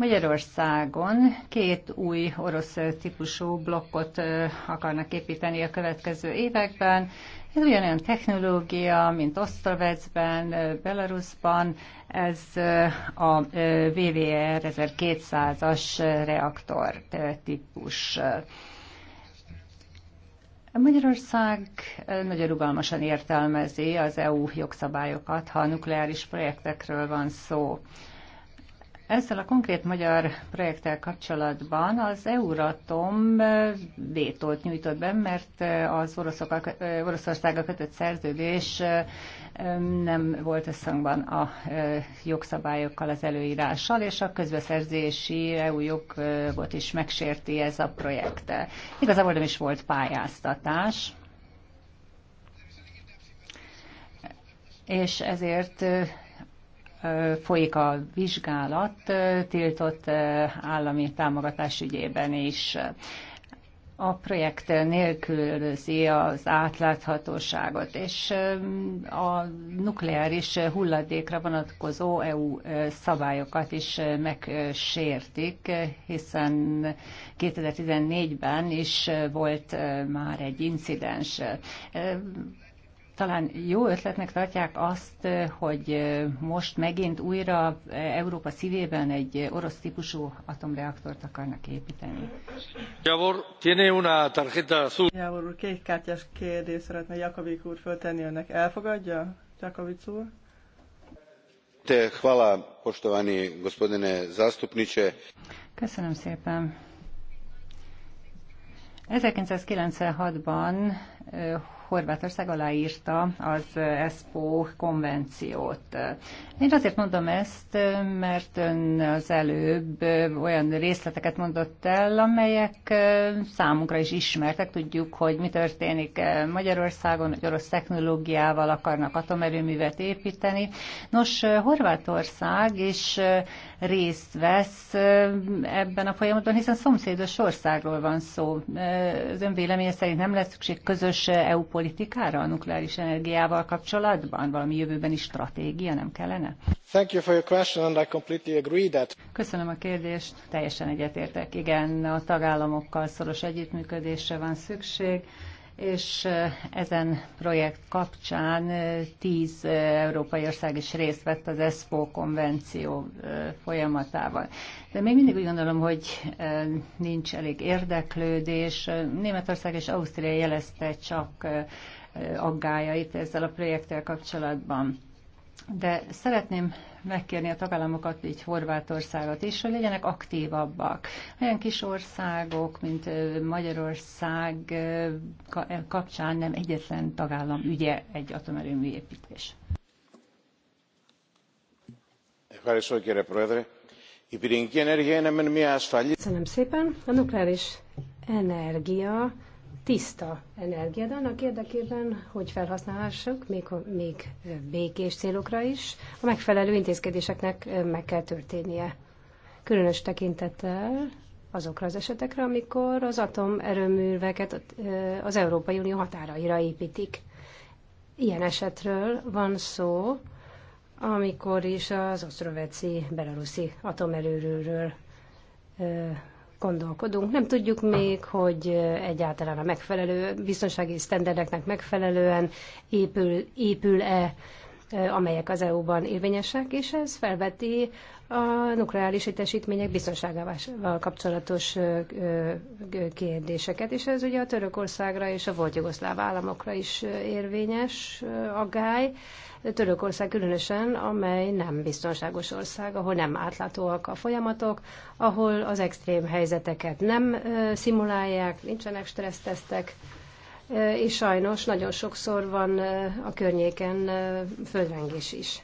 Magyarországon két új orosz típusú blokkot akarnak építeni a következő években. Ez ugyanolyan technológia, mint Osztrovecben, Belarusban, ez a VVR 1200-as reaktor típus. Magyarország nagyon rugalmasan értelmezi az EU jogszabályokat, ha a nukleáris projektekről van szó. Ezzel a konkrét magyar projekttel kapcsolatban az Euratom vétót nyújtott be, mert az oroszokkal, Oroszországgal kötött szerződés nem volt összhangban a jogszabályokkal, az előírással, és a közbeszerzési EU jogot is megsérti ez a projekt. Igazából nem is volt pályáztatás, és ezért folyik a vizsgálat tiltott állami támogatás ügyében is. A projekt nélkülözi az átláthatóságot, és a nukleáris hulladékra vonatkozó EU szabályokat is megsértik, hiszen 2014-ben is volt már egy incidens talán jó ötletnek tartják azt, hogy most megint újra Európa szívében egy orosz típusú atomreaktort akarnak építeni. Javor, tiene una tarjeta azul. Javor úr, kék kártyás kérdés szeretne Jakabik úr föltenni önnek. Elfogadja, Jakavic úr? Te, hvala, postovani gospodine zastupniče. Köszönöm szépen. 1996-ban Horvátország aláírta az ESPO konvenciót. Én azért mondom ezt, mert ön az előbb olyan részleteket mondott el, amelyek számunkra is ismertek. Tudjuk, hogy mi történik Magyarországon, hogy orosz technológiával akarnak atomerőművet építeni. Nos, Horvátország is részt vesz ebben a folyamatban, hiszen szomszédos országról van szó. Az ön véleménye szerint nem lesz szükség közös EU politikára a nukleáris energiával kapcsolatban? Valami jövőbeni stratégia nem kellene? Thank you for your question, and I completely agree that... Köszönöm a kérdést, teljesen egyetértek. Igen, a tagállamokkal szoros együttműködésre van szükség és ezen projekt kapcsán tíz európai ország is részt vett az ESPO konvenció folyamatában. De még mindig úgy gondolom, hogy nincs elég érdeklődés. Németország és Ausztria jelezte csak aggájait ezzel a projekttel kapcsolatban de szeretném megkérni a tagállamokat, így Horvátországot is, hogy legyenek aktívabbak. Olyan kis országok, mint Magyarország kapcsán nem egyetlen tagállam ügye egy atomerőmű építés. Köszönöm szépen. A nukleáris energia tiszta de annak érdekében, hogy felhasználhassuk még, még békés célokra is, a megfelelő intézkedéseknek meg kell történnie. Különös tekintettel azokra az esetekre, amikor az atomerőműveket az Európai Unió határaira építik. Ilyen esetről van szó, amikor is az osztroveci belaruszi atomerőről gondolkodunk. Nem tudjuk még, hogy egyáltalán a megfelelő biztonsági sztenderdeknek megfelelően épül, épül-e Eh, amelyek az EU-ban érvényesek, és ez felveti a nukleáris létesítmények biztonságával kapcsolatos eh, eh, kérdéseket, és ez ugye a Törökországra és a volt jugoszláv államokra is érvényes aggály. Törökország különösen, amely nem biztonságos ország, ahol nem átlátóak a folyamatok, ahol az extrém helyzeteket nem szimulálják, nincsenek stressztesztek, Eh, és sajnos nagyon sokszor van eh, a környéken eh, földrengés is.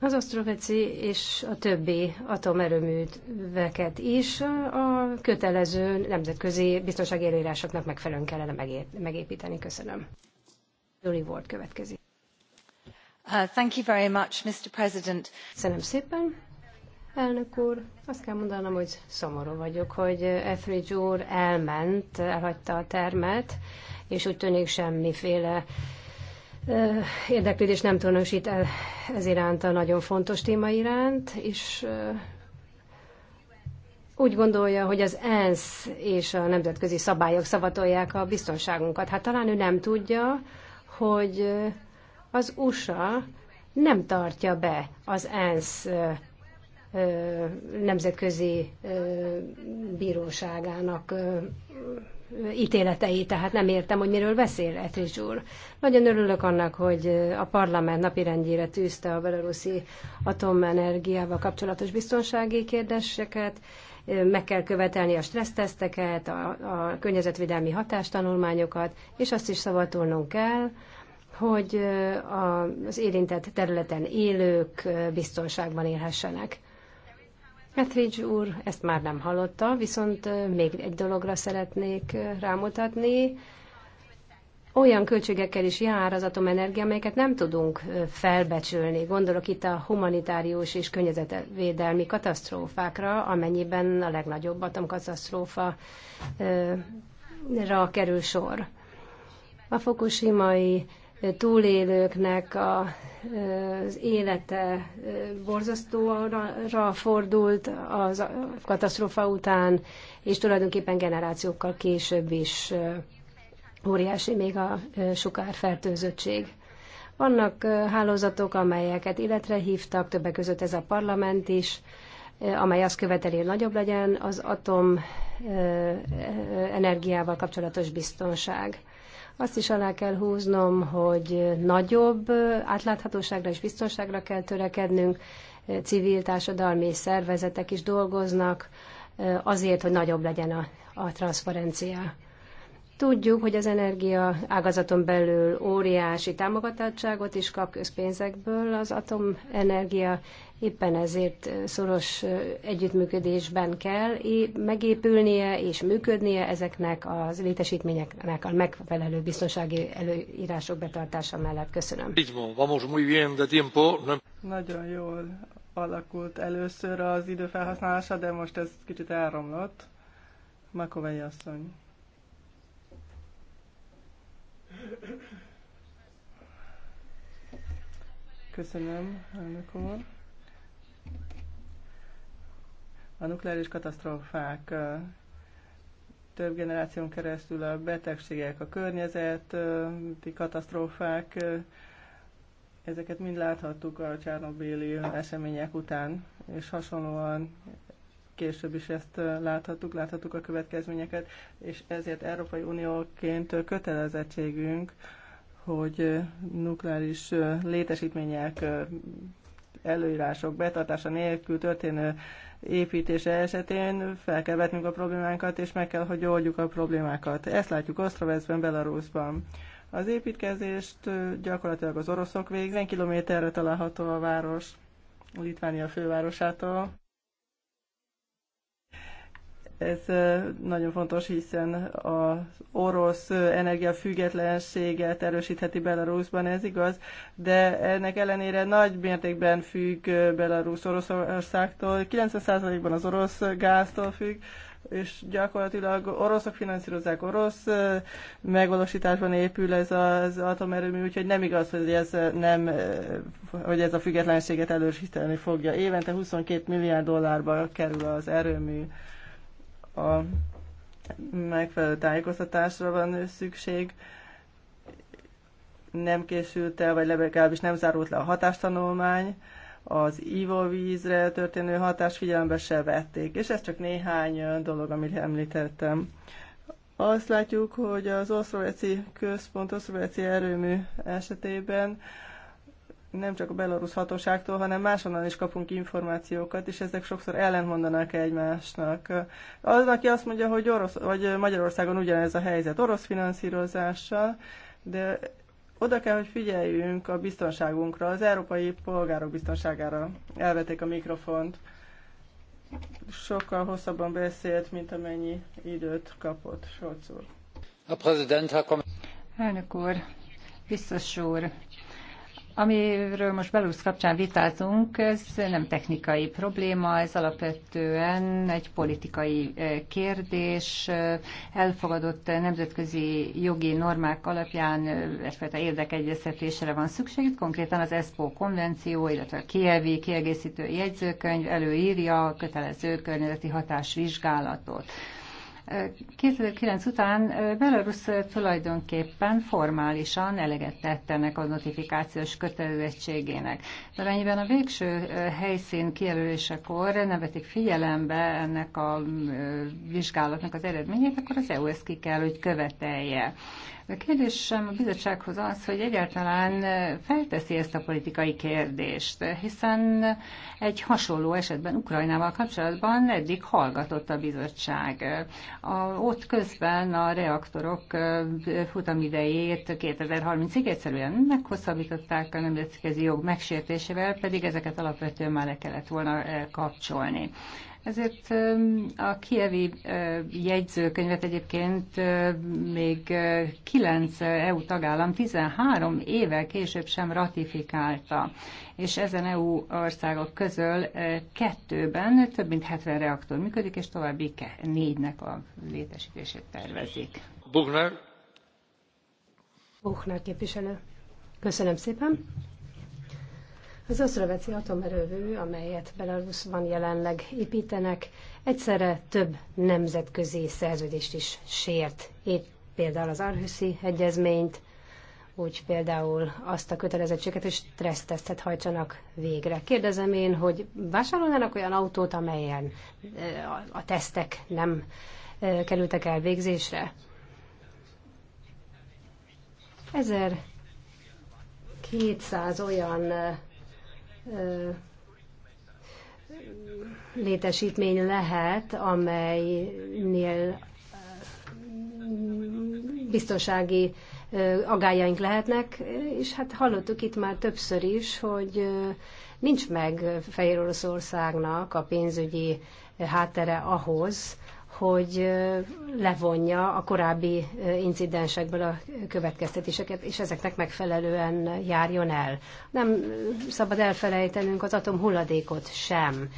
Az Osztroveci és a többi atomerőműveket is a kötelező nemzetközi biztonsági előírásoknak megfelelően kellene megépíteni. Köszönöm. Julie Ward következik. Uh, thank you very much, Mr. President. Köszönöm szépen. Elnök úr, azt kell mondanom, hogy szomorú vagyok, hogy Efridge úr elment, elhagyta a termet, és úgy tűnik semmiféle érdeklődés nem tanúsít el ez iránt a nagyon fontos téma iránt, és úgy gondolja, hogy az ENSZ és a nemzetközi szabályok szavatolják a biztonságunkat. Hát talán ő nem tudja, hogy az USA nem tartja be az ENSZ nemzetközi bíróságának ítéletei, tehát nem értem, hogy miről beszél Etrics úr. Nagyon örülök annak, hogy a parlament napirendjére tűzte a belaruszi atomenergiával kapcsolatos biztonsági kérdéseket, meg kell követelni a stresszteszteket, a, a környezetvédelmi hatástanulmányokat, és azt is szavatolnunk kell, hogy az érintett területen élők biztonságban élhessenek. Metridge úr, ezt már nem hallotta, viszont még egy dologra szeretnék rámutatni. Olyan költségekkel is jár az atomenergia, amelyeket nem tudunk felbecsülni. Gondolok itt a humanitárius és környezetvédelmi katasztrófákra, amennyiben a legnagyobb atomkatasztrófa ra kerül sor. A fokusimai túlélőknek a, az élete borzasztóra fordult az katasztrófa után, és tulajdonképpen generációkkal később is óriási még a sukárfertőzöttség. Vannak hálózatok, amelyeket életre hívtak, többek között ez a parlament is, amely azt követeli, hogy nagyobb legyen az atom energiával kapcsolatos biztonság. Azt is alá kell húznom, hogy nagyobb átláthatóságra és biztonságra kell törekednünk, civil társadalmi szervezetek is dolgoznak eh, azért, hogy nagyobb legyen a, a transzparencia. Tudjuk, hogy az energia ágazaton belül óriási támogatottságot is kap közpénzekből az atomenergia, éppen ezért szoros együttműködésben kell megépülnie és működnie ezeknek az létesítményeknek a megfelelő biztonsági előírások betartása mellett. Köszönöm. Nagyon jól alakult először az időfelhasználása, de most ez kicsit elromlott. Makovei asszony. Köszönöm, elnök úr. A nukleáris katasztrófák több generáción keresztül a betegségek, a környezeti katasztrófák, ezeket mind láthattuk a csárnobéli események után, és hasonlóan később is ezt láthattuk, láthattuk a következményeket, és ezért Európai Unióként kötelezettségünk, hogy nukleáris létesítmények előírások betartása nélkül történő építése esetén fel kell vetnünk a problémánkat, és meg kell, hogy oldjuk a problémákat. Ezt látjuk Osztroveszben, Belarusban. Az építkezést gyakorlatilag az oroszok végig, 40 kilométerre található a város Litvánia fővárosától. Ez nagyon fontos, hiszen az orosz energiafüggetlenséget erősítheti Belarusban, ez igaz, de ennek ellenére nagy mértékben függ Belarus Oroszországtól, 90%-ban az orosz gáztól függ, és gyakorlatilag oroszok finanszírozzák, orosz megvalósításban épül ez az atomerőmű, úgyhogy nem igaz, hogy ez, nem, hogy ez a függetlenséget elősíteni fogja. Évente 22 milliárd dollárba kerül az erőmű a megfelelő tájékoztatásra van szükség. Nem készült el, vagy legalábbis nem zárult le a hatástanulmány, az ivóvízre történő hatás figyelembe se vették, és ez csak néhány dolog, amit említettem. Azt látjuk, hogy az oszroveci központ, oszroveci erőmű esetében nem csak a belorusz hatóságtól, hanem máshonnan is kapunk információkat, és ezek sokszor ellentmondanak egymásnak. Az, aki azt mondja, hogy orosz, vagy Magyarországon ugyanez a helyzet orosz finanszírozással, de oda kell, hogy figyeljünk a biztonságunkra, az európai polgárok biztonságára. Elvették a mikrofont. Sokkal hosszabban beszélt, mint amennyi időt kapott Solc úr. A prezident, Elnök úr, biztos úr, Amiről most Belusz kapcsán vitáltunk, ez nem technikai probléma, ez alapvetően egy politikai eh, kérdés, elfogadott nemzetközi jogi normák alapján eh, egyfajta érdekegyeztetésre van szükség. Itt konkrétan az ESPO konvenció, illetve a Kievi kiegészítő jegyzőkönyv előírja a kötelező környezeti hatásvizsgálatot. 2009 után Belarus tulajdonképpen formálisan eleget tett ennek a notifikációs kötelezettségének. De mennyiben a végső helyszín kijelölésekor nem vetik figyelembe ennek a vizsgálatnak az eredményét, akkor az EU ezt ki kell, hogy követelje. A kérdésem a bizottsághoz az, hogy egyáltalán felteszi ezt a politikai kérdést, hiszen egy hasonló esetben Ukrajnával kapcsolatban eddig hallgatott a bizottság. A, ott közben a reaktorok futamidejét 2030-ig egyszerűen meghosszabbították a nemzetközi jog megsértésével, pedig ezeket alapvetően már le kellett volna eh, kapcsolni. Ezért a kievi jegyzőkönyvet egyébként még 9 EU tagállam 13 évvel később sem ratifikálta, és ezen EU országok közül kettőben több mint 70 reaktor működik, és további négynek a létesítését tervezik. Buchner. Buchner képviselő. Köszönöm szépen. Az asztraveci atomerővő, amelyet Belarusban jelenleg építenek, egyszerre több nemzetközi szerződést is sért. Épp például az Arhuszi egyezményt, úgy például azt a kötelezettséget, hogy stressztesztet hajtsanak végre. Kérdezem én, hogy vásárolnának olyan autót, amelyen eh, a tesztek nem eh, kerültek el végzésre? 1200 olyan eh, létesítmény lehet, amelynél eh, biztonsági eh, agályaink lehetnek, és hát hallottuk itt már többször is, hogy eh, nincs meg Fehér Oroszországnak a pénzügyi háttere ahhoz, hogy levonja a korábbi incidensekből a következtetéseket, és ezeknek megfelelően járjon el. Nem szabad elfelejtenünk az atom hulladékot sem.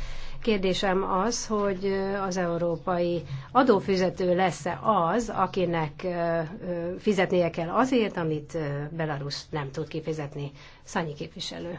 Kérdésem az, hogy az európai adófizető lesz-e az, akinek fizetnie kell azért, amit Belarus nem tud kifizetni. Szanyi képviselő.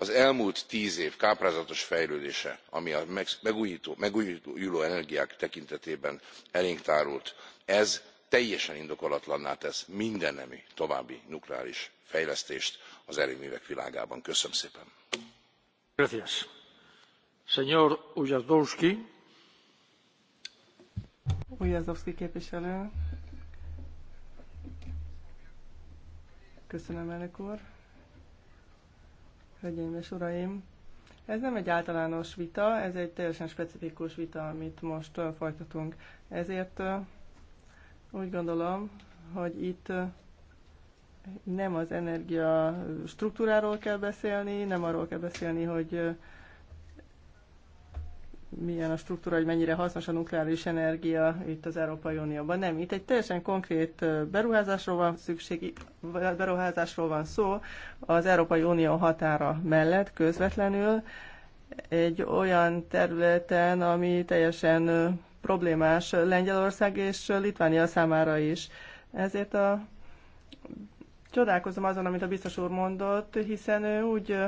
az elmúlt tz év káprázatos fejlődése ami a megújuló energiák tekintetében elénk tárult ez teljesen indokolatlanná tesz mindennemű további nukleáris fejlesztést az erőművek világában. köszönöm szépen! Ujazdowski képviselő. Köszönöm, elnök úr hölgyeim és uraim! Ez nem egy általános vita, ez egy teljesen specifikus vita, amit most folytatunk. Ezért úgy gondolom, hogy itt nem az energia struktúráról kell beszélni, nem arról kell beszélni, hogy milyen a struktúra, hogy mennyire hasznos a nukleáris energia itt az Európai Unióban. Nem, itt egy teljesen konkrét beruházásról van szükség, beruházásról van szó az Európai Unió határa mellett közvetlenül egy olyan területen, ami teljesen problémás Lengyelország és Litvánia számára is. Ezért a Csodálkozom azon, amit a biztos úr mondott, hiszen ő úgy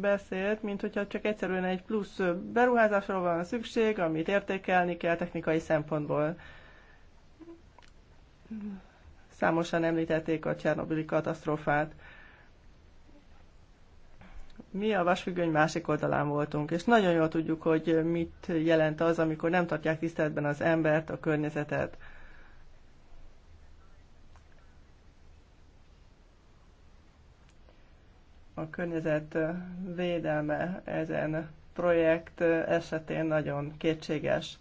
beszélt, mint hogyha csak egyszerűen egy plusz beruházásról van szükség, amit értékelni kell technikai szempontból. Számosan említették a Csernobili katasztrófát mi a vasfüggöny másik oldalán voltunk, és nagyon jól tudjuk, hogy mit jelent az, amikor nem tartják tiszteletben az embert, a környezetet. a környezet védelme ezen projekt esetén nagyon kétséges.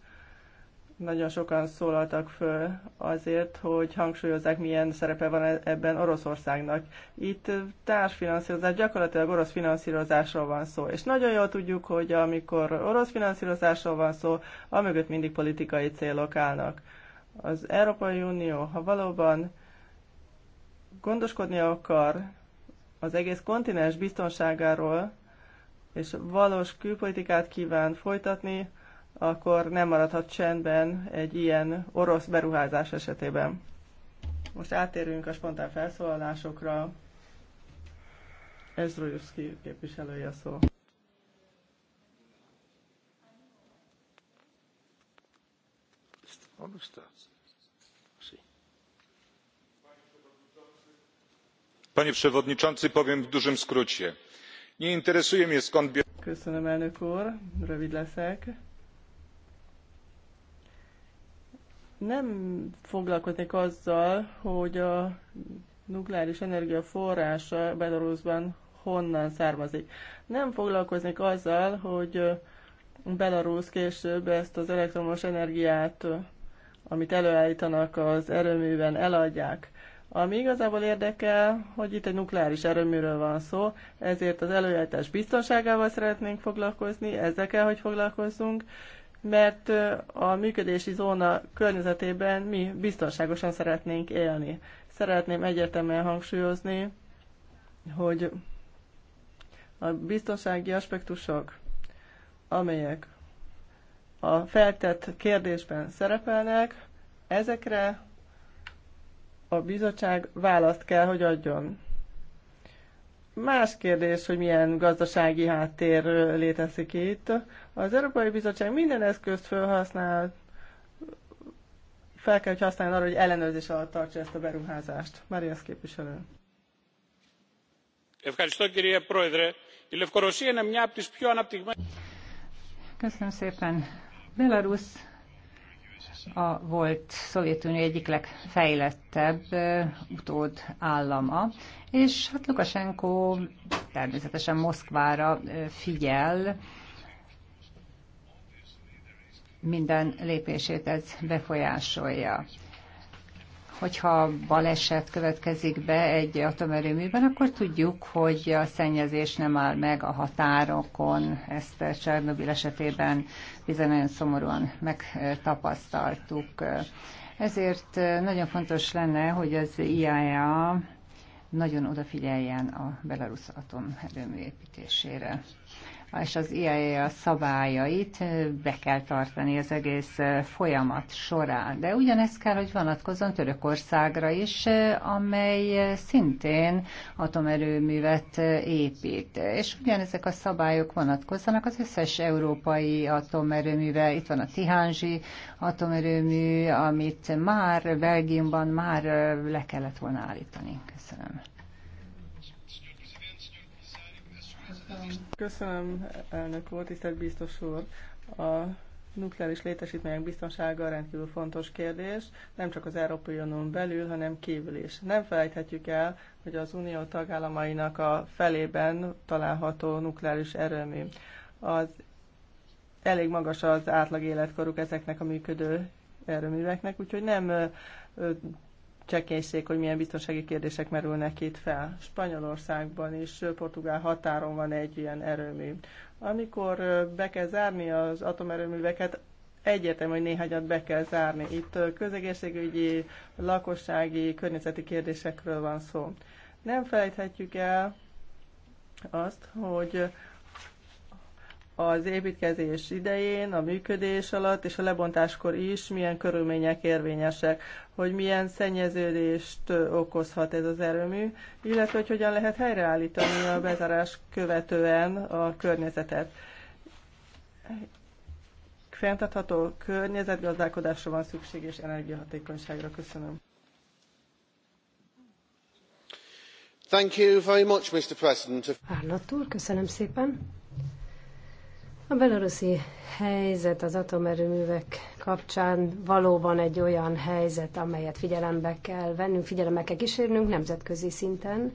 Nagyon sokan szólaltak föl azért, hogy hangsúlyozzák, milyen szerepe van e- ebben Oroszországnak. Itt társfinanszírozás, gyakorlatilag orosz finanszírozásról van szó, és nagyon jól tudjuk, hogy amikor orosz finanszírozásról van szó, amögött mindig politikai célok állnak. Az Európai Unió, ha valóban gondoskodni akar az egész kontinens biztonságáról, és valós külpolitikát kíván folytatni, akkor nem maradhat csendben egy ilyen orosz beruházás esetében. Most átérünk a spontán felszólalásokra. Ez Ezrojuszki képviselője szó. Honestly. panie przewodniczący! powiem w dużym skrócie nie interesuje mnie skąd. bierze nem foglalkoznék hogy a nukleáris energia forrása honnan származik. Nem foglalkoznék hogy később ezt az elektromos energiát, amit előállítanak az erőműben, eladják. Ami igazából érdekel, hogy itt egy nukleáris erőműről van szó, ezért az előállítás biztonságával szeretnénk foglalkozni, ezzel kell, hogy foglalkozzunk, mert a működési zóna környezetében mi biztonságosan szeretnénk élni. Szeretném egyetemen hangsúlyozni, hogy a biztonsági aspektusok, amelyek a feltett kérdésben szerepelnek, ezekre a bizottság választ kell, hogy adjon. Más kérdés, hogy milyen gazdasági háttér létezik itt. Az Európai Bizottság minden eszközt felhasznál, fel kell, hogy használni arra, hogy ellenőrzés alatt tartsa ezt a beruházást. Marias képviselő. Köszönöm szépen. Belarus a volt Szovjetunió egyik legfejlettebb utód állama, és hát Lukasenko természetesen Moszkvára figyel, minden lépését ez befolyásolja hogyha baleset következik be egy atomerőműben, akkor tudjuk, hogy a szennyezés nem áll meg a határokon. Ezt Csernobil esetében bizony nagyon szomorúan megtapasztaltuk. Ezért nagyon fontos lenne, hogy az IAEA e nagyon odafigyeljen a belarusz atomerőmű építésére és az IAEA e szabályait be kell tartani az egész folyamat során. De ugyanezt kell, hogy vonatkozzon Törökországra is, amely szintén atomerőművet épít. És ugyanezek a szabályok vonatkozzanak az összes európai atomerőművel, Itt van a Tihánzsi atomerőmű, amit már Belgiumban már le kellett volna állítani. Köszönöm. Köszönöm, elnök úr, tisztelt biztos úr. A nukleáris létesítmények biztonsága rendkívül fontos kérdés, nem csak az Európai Unión belül, hanem kívül is. Nem felejthetjük el, hogy az Unió tagállamainak a felében található nukleáris erőmű. Az elég magas az átlag életkoruk ezeknek a működő erőműveknek, úgyhogy nem csekénység, hogy milyen biztonsági kérdések merülnek itt fel. Spanyolországban is, Portugál határon van egy ilyen erőmű. Amikor be kell zárni az atomerőműveket, egyértelmű, hogy néhányat be kell zárni. Itt közegészségügyi, lakossági, környezeti kérdésekről van szó. Nem felejthetjük el azt, hogy az építkezés idején, a működés alatt és a lebontáskor is milyen körülmények érvényesek, hogy milyen szennyeződést okozhat ez az erőmű, illetve hogy hogyan lehet helyreállítani a bezárás követően a környezetet. Fentartható környezetgazdálkodásra van szükség és energiahatékonyságra. Köszönöm. Thank you very much, Mr. President. Arnott úr, köszönöm szépen. A beloruszi helyzet az atomerőművek kapcsán valóban egy olyan helyzet, amelyet figyelembe kell vennünk, figyelembe kell kísérnünk nemzetközi szinten,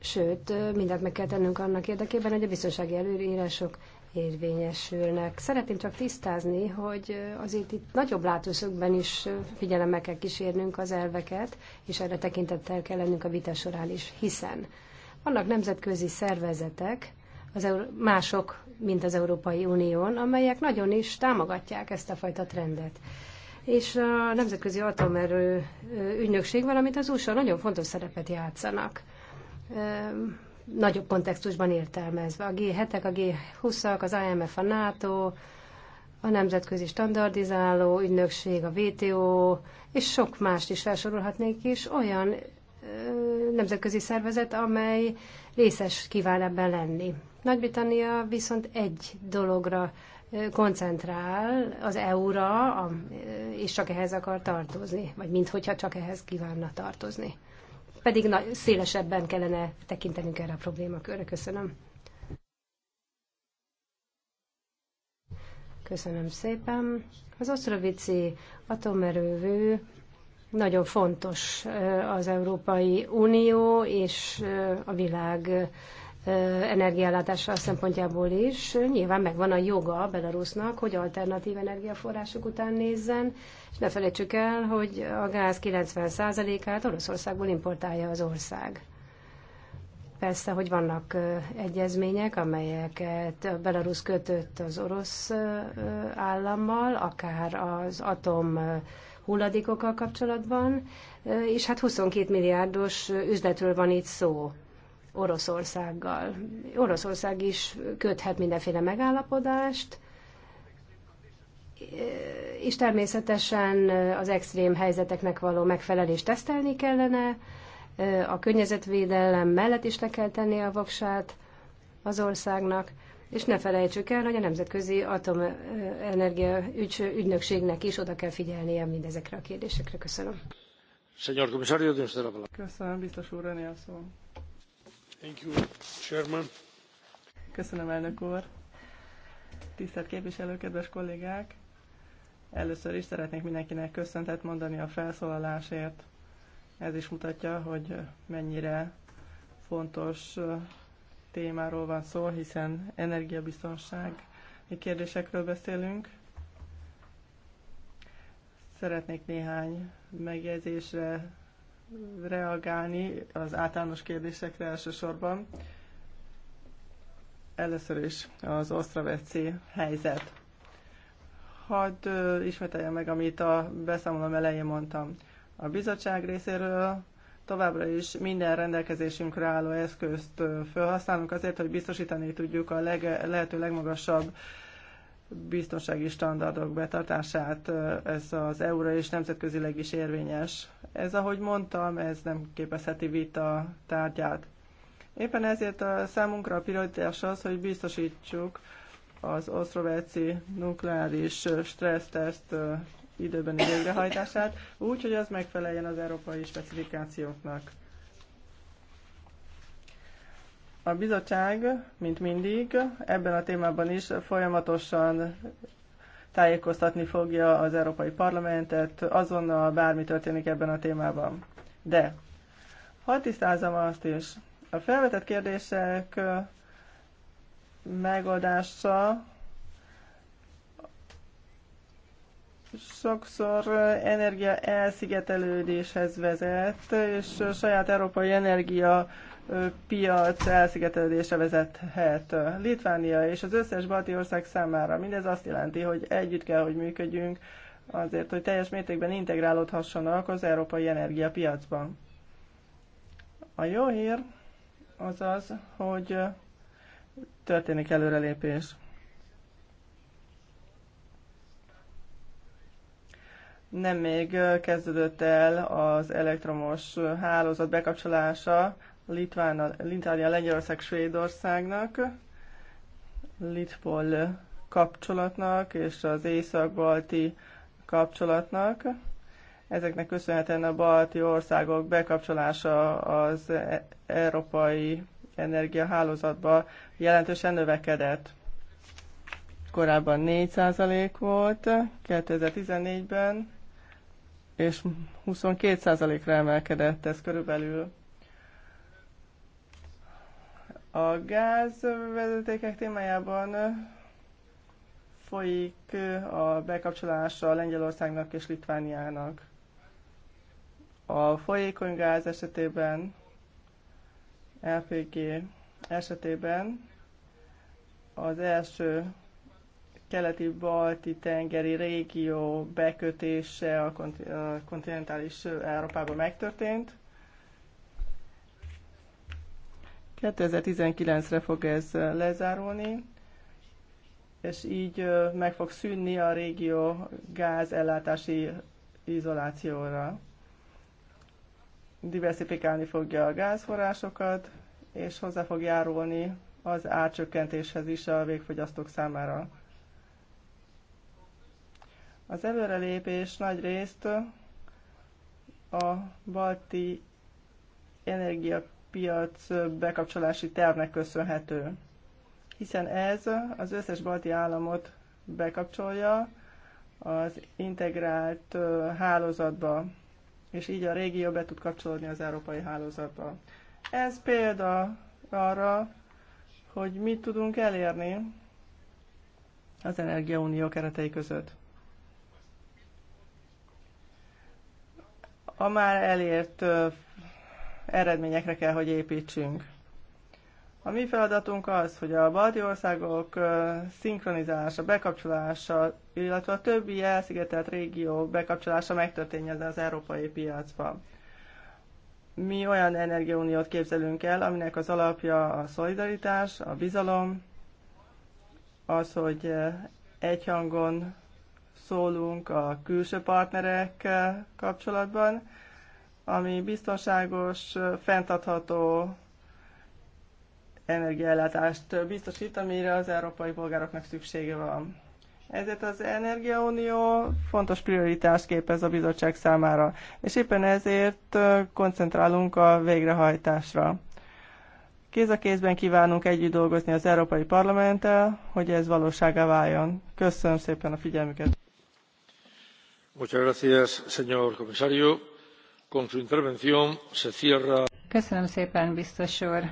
sőt, mindent meg kell tennünk annak érdekében, hogy a biztonsági előírások érvényesülnek. Szeretném csak tisztázni, hogy azért itt nagyobb látószögben is figyelembe kell kísérnünk az elveket, és erre tekintettel kell lennünk a vita során is, hiszen vannak nemzetközi szervezetek, az mások mint az Európai Unión, amelyek nagyon is támogatják ezt a fajta trendet. És a Nemzetközi Atomerő Ügynökség, valamint az USA nagyon fontos szerepet játszanak nagyobb kontextusban értelmezve. A G7-ek, a G20-ak, az IMF, a NATO, a Nemzetközi Standardizáló Ügynökség, a WTO, és sok mást is felsorolhatnék is, olyan ö, nemzetközi szervezet, amely részes kíván ebben lenni. Nagy-Britannia viszont egy dologra koncentrál, az EU-ra, és csak ehhez akar tartozni, vagy minthogyha csak ehhez kívánna tartozni. Pedig na, szélesebben kellene tekintenünk erre a problémakörre. Köszönöm. Köszönöm szépen. Az osztrovici atomerővő nagyon fontos az Európai Unió és a világ energiállátása szempontjából is. Nyilván megvan a joga Belarusnak, hogy alternatív energiaforrások után nézzen, és ne felejtsük el, hogy a gáz 90%-át Oroszországból importálja az ország. Persze, hogy vannak egyezmények, amelyeket Belarus kötött az orosz állammal, akár az atom hulladékokkal kapcsolatban, és hát 22 milliárdos üzletről van itt szó Oroszországgal. Oroszország is köthet mindenféle megállapodást, és természetesen az extrém helyzeteknek való megfelelést tesztelni kellene, a környezetvédelem mellett is le kell tenni a voksát az országnak, és ne felejtsük el, hogy a Nemzetközi Atomenergia ügy, ügynökségnek is oda kell figyelnie mindezekre a kérdésekre. Köszönöm. Köszönöm, biztos úr, a szó. Köszönöm, elnök úr. Tisztelt képviselő, kedves kollégák! Először is szeretnék mindenkinek köszöntet mondani a felszólalásért. Ez is mutatja, hogy mennyire fontos témáról van szó, hiszen energiabiztonság kérdésekről beszélünk. Szeretnék néhány megjegyzésre reagálni az általános kérdésekre elsősorban. Először is az osztraveci helyzet. Hadd ismételjem meg, amit a beszámolom elején mondtam. A bizottság részéről továbbra is minden rendelkezésünkre álló eszközt felhasználunk azért, hogy biztosítani tudjuk a leg, lehető legmagasabb biztonsági standardok betartását, ez az EU-ra és nemzetközileg is érvényes. Ez, ahogy mondtam, ez nem képezheti vita tárgyát. Éppen ezért a számunkra a prioritás az, hogy biztosítsuk az osztroveci nukleáris stresszteszt időbeni végrehajtását, úgy, hogy az megfeleljen az európai specifikációknak. A bizottság, mint mindig, ebben a témában is folyamatosan tájékoztatni fogja az Európai Parlamentet azonnal bármi történik ebben a témában. De ha tisztázom azt is, a felvetett kérdések megoldása sokszor energia elszigetelődéshez vezet, és saját európai energia piac elszigetelésre vezethet Litvánia és az összes balti ország számára. Mindez azt jelenti, hogy együtt kell, hogy működjünk azért, hogy teljes mértékben integrálódhassanak az európai energiapiacban. A jó hír az az, hogy történik előrelépés. nem még kezdődött el az elektromos hálózat bekapcsolása Litván, Litvánia, Lengyelország, Svédországnak, Litpol kapcsolatnak és az észak-balti kapcsolatnak. Ezeknek köszönhetően a balti országok bekapcsolása az e- európai energiahálózatba jelentősen növekedett. Korábban 4% volt 2014-ben, és 22%-ra emelkedett ez körülbelül. A gázvezetékek témájában folyik a bekapcsolása Lengyelországnak és Litvániának. A folyékony gáz esetében, LPG esetében az első keleti-balti tengeri régió bekötése a kontinentális Európába megtörtént. 2019-re fog ez lezárulni, és így meg fog szűnni a régió gázellátási izolációra. Diversifikálni fogja a gázforrásokat, és hozzá fog járulni az árcsökkentéshez is a végfogyasztók számára. Az előrelépés nagy részt a balti energia piac bekapcsolási tervnek köszönhető, hiszen ez az összes balti államot bekapcsolja az integrált hálózatba, és így a régió be tud kapcsolódni az európai hálózatba. Ez példa arra, hogy mit tudunk elérni az Energiaunió keretei között. A már elért eredményekre kell, hogy építsünk. A mi feladatunk az, hogy a balti országok szinkronizálása, bekapcsolása, illetve a többi elszigetelt régió bekapcsolása megtörténjen az európai piacba. Mi olyan energiauniót képzelünk el, aminek az alapja a szolidaritás, a bizalom, az, hogy egyhangon szólunk a külső partnerek kapcsolatban, ami biztonságos, fenntartható energiaellátást biztosít, amire az európai polgároknak szüksége van. Ezért az Energiaunió fontos prioritást képez a bizottság számára, és éppen ezért koncentrálunk a végrehajtásra. Kéz a kézben kívánunk együtt dolgozni az Európai Parlamenttel, hogy ez valóságá váljon. Köszönöm szépen a figyelmüket! Muchas gracias, señor comisario. Köszönöm szépen, biztos úr.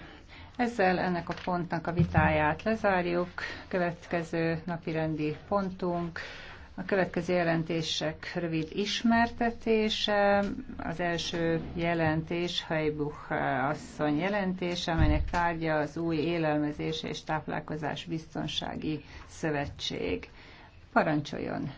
Ezzel ennek a pontnak a vitáját lezárjuk. Következő napirendi pontunk. A következő jelentések rövid ismertetése. Az első jelentés Hajbuch asszony jelentése, amelynek tárgya az új élelmezés és táplálkozás biztonsági szövetség. Parancsoljon!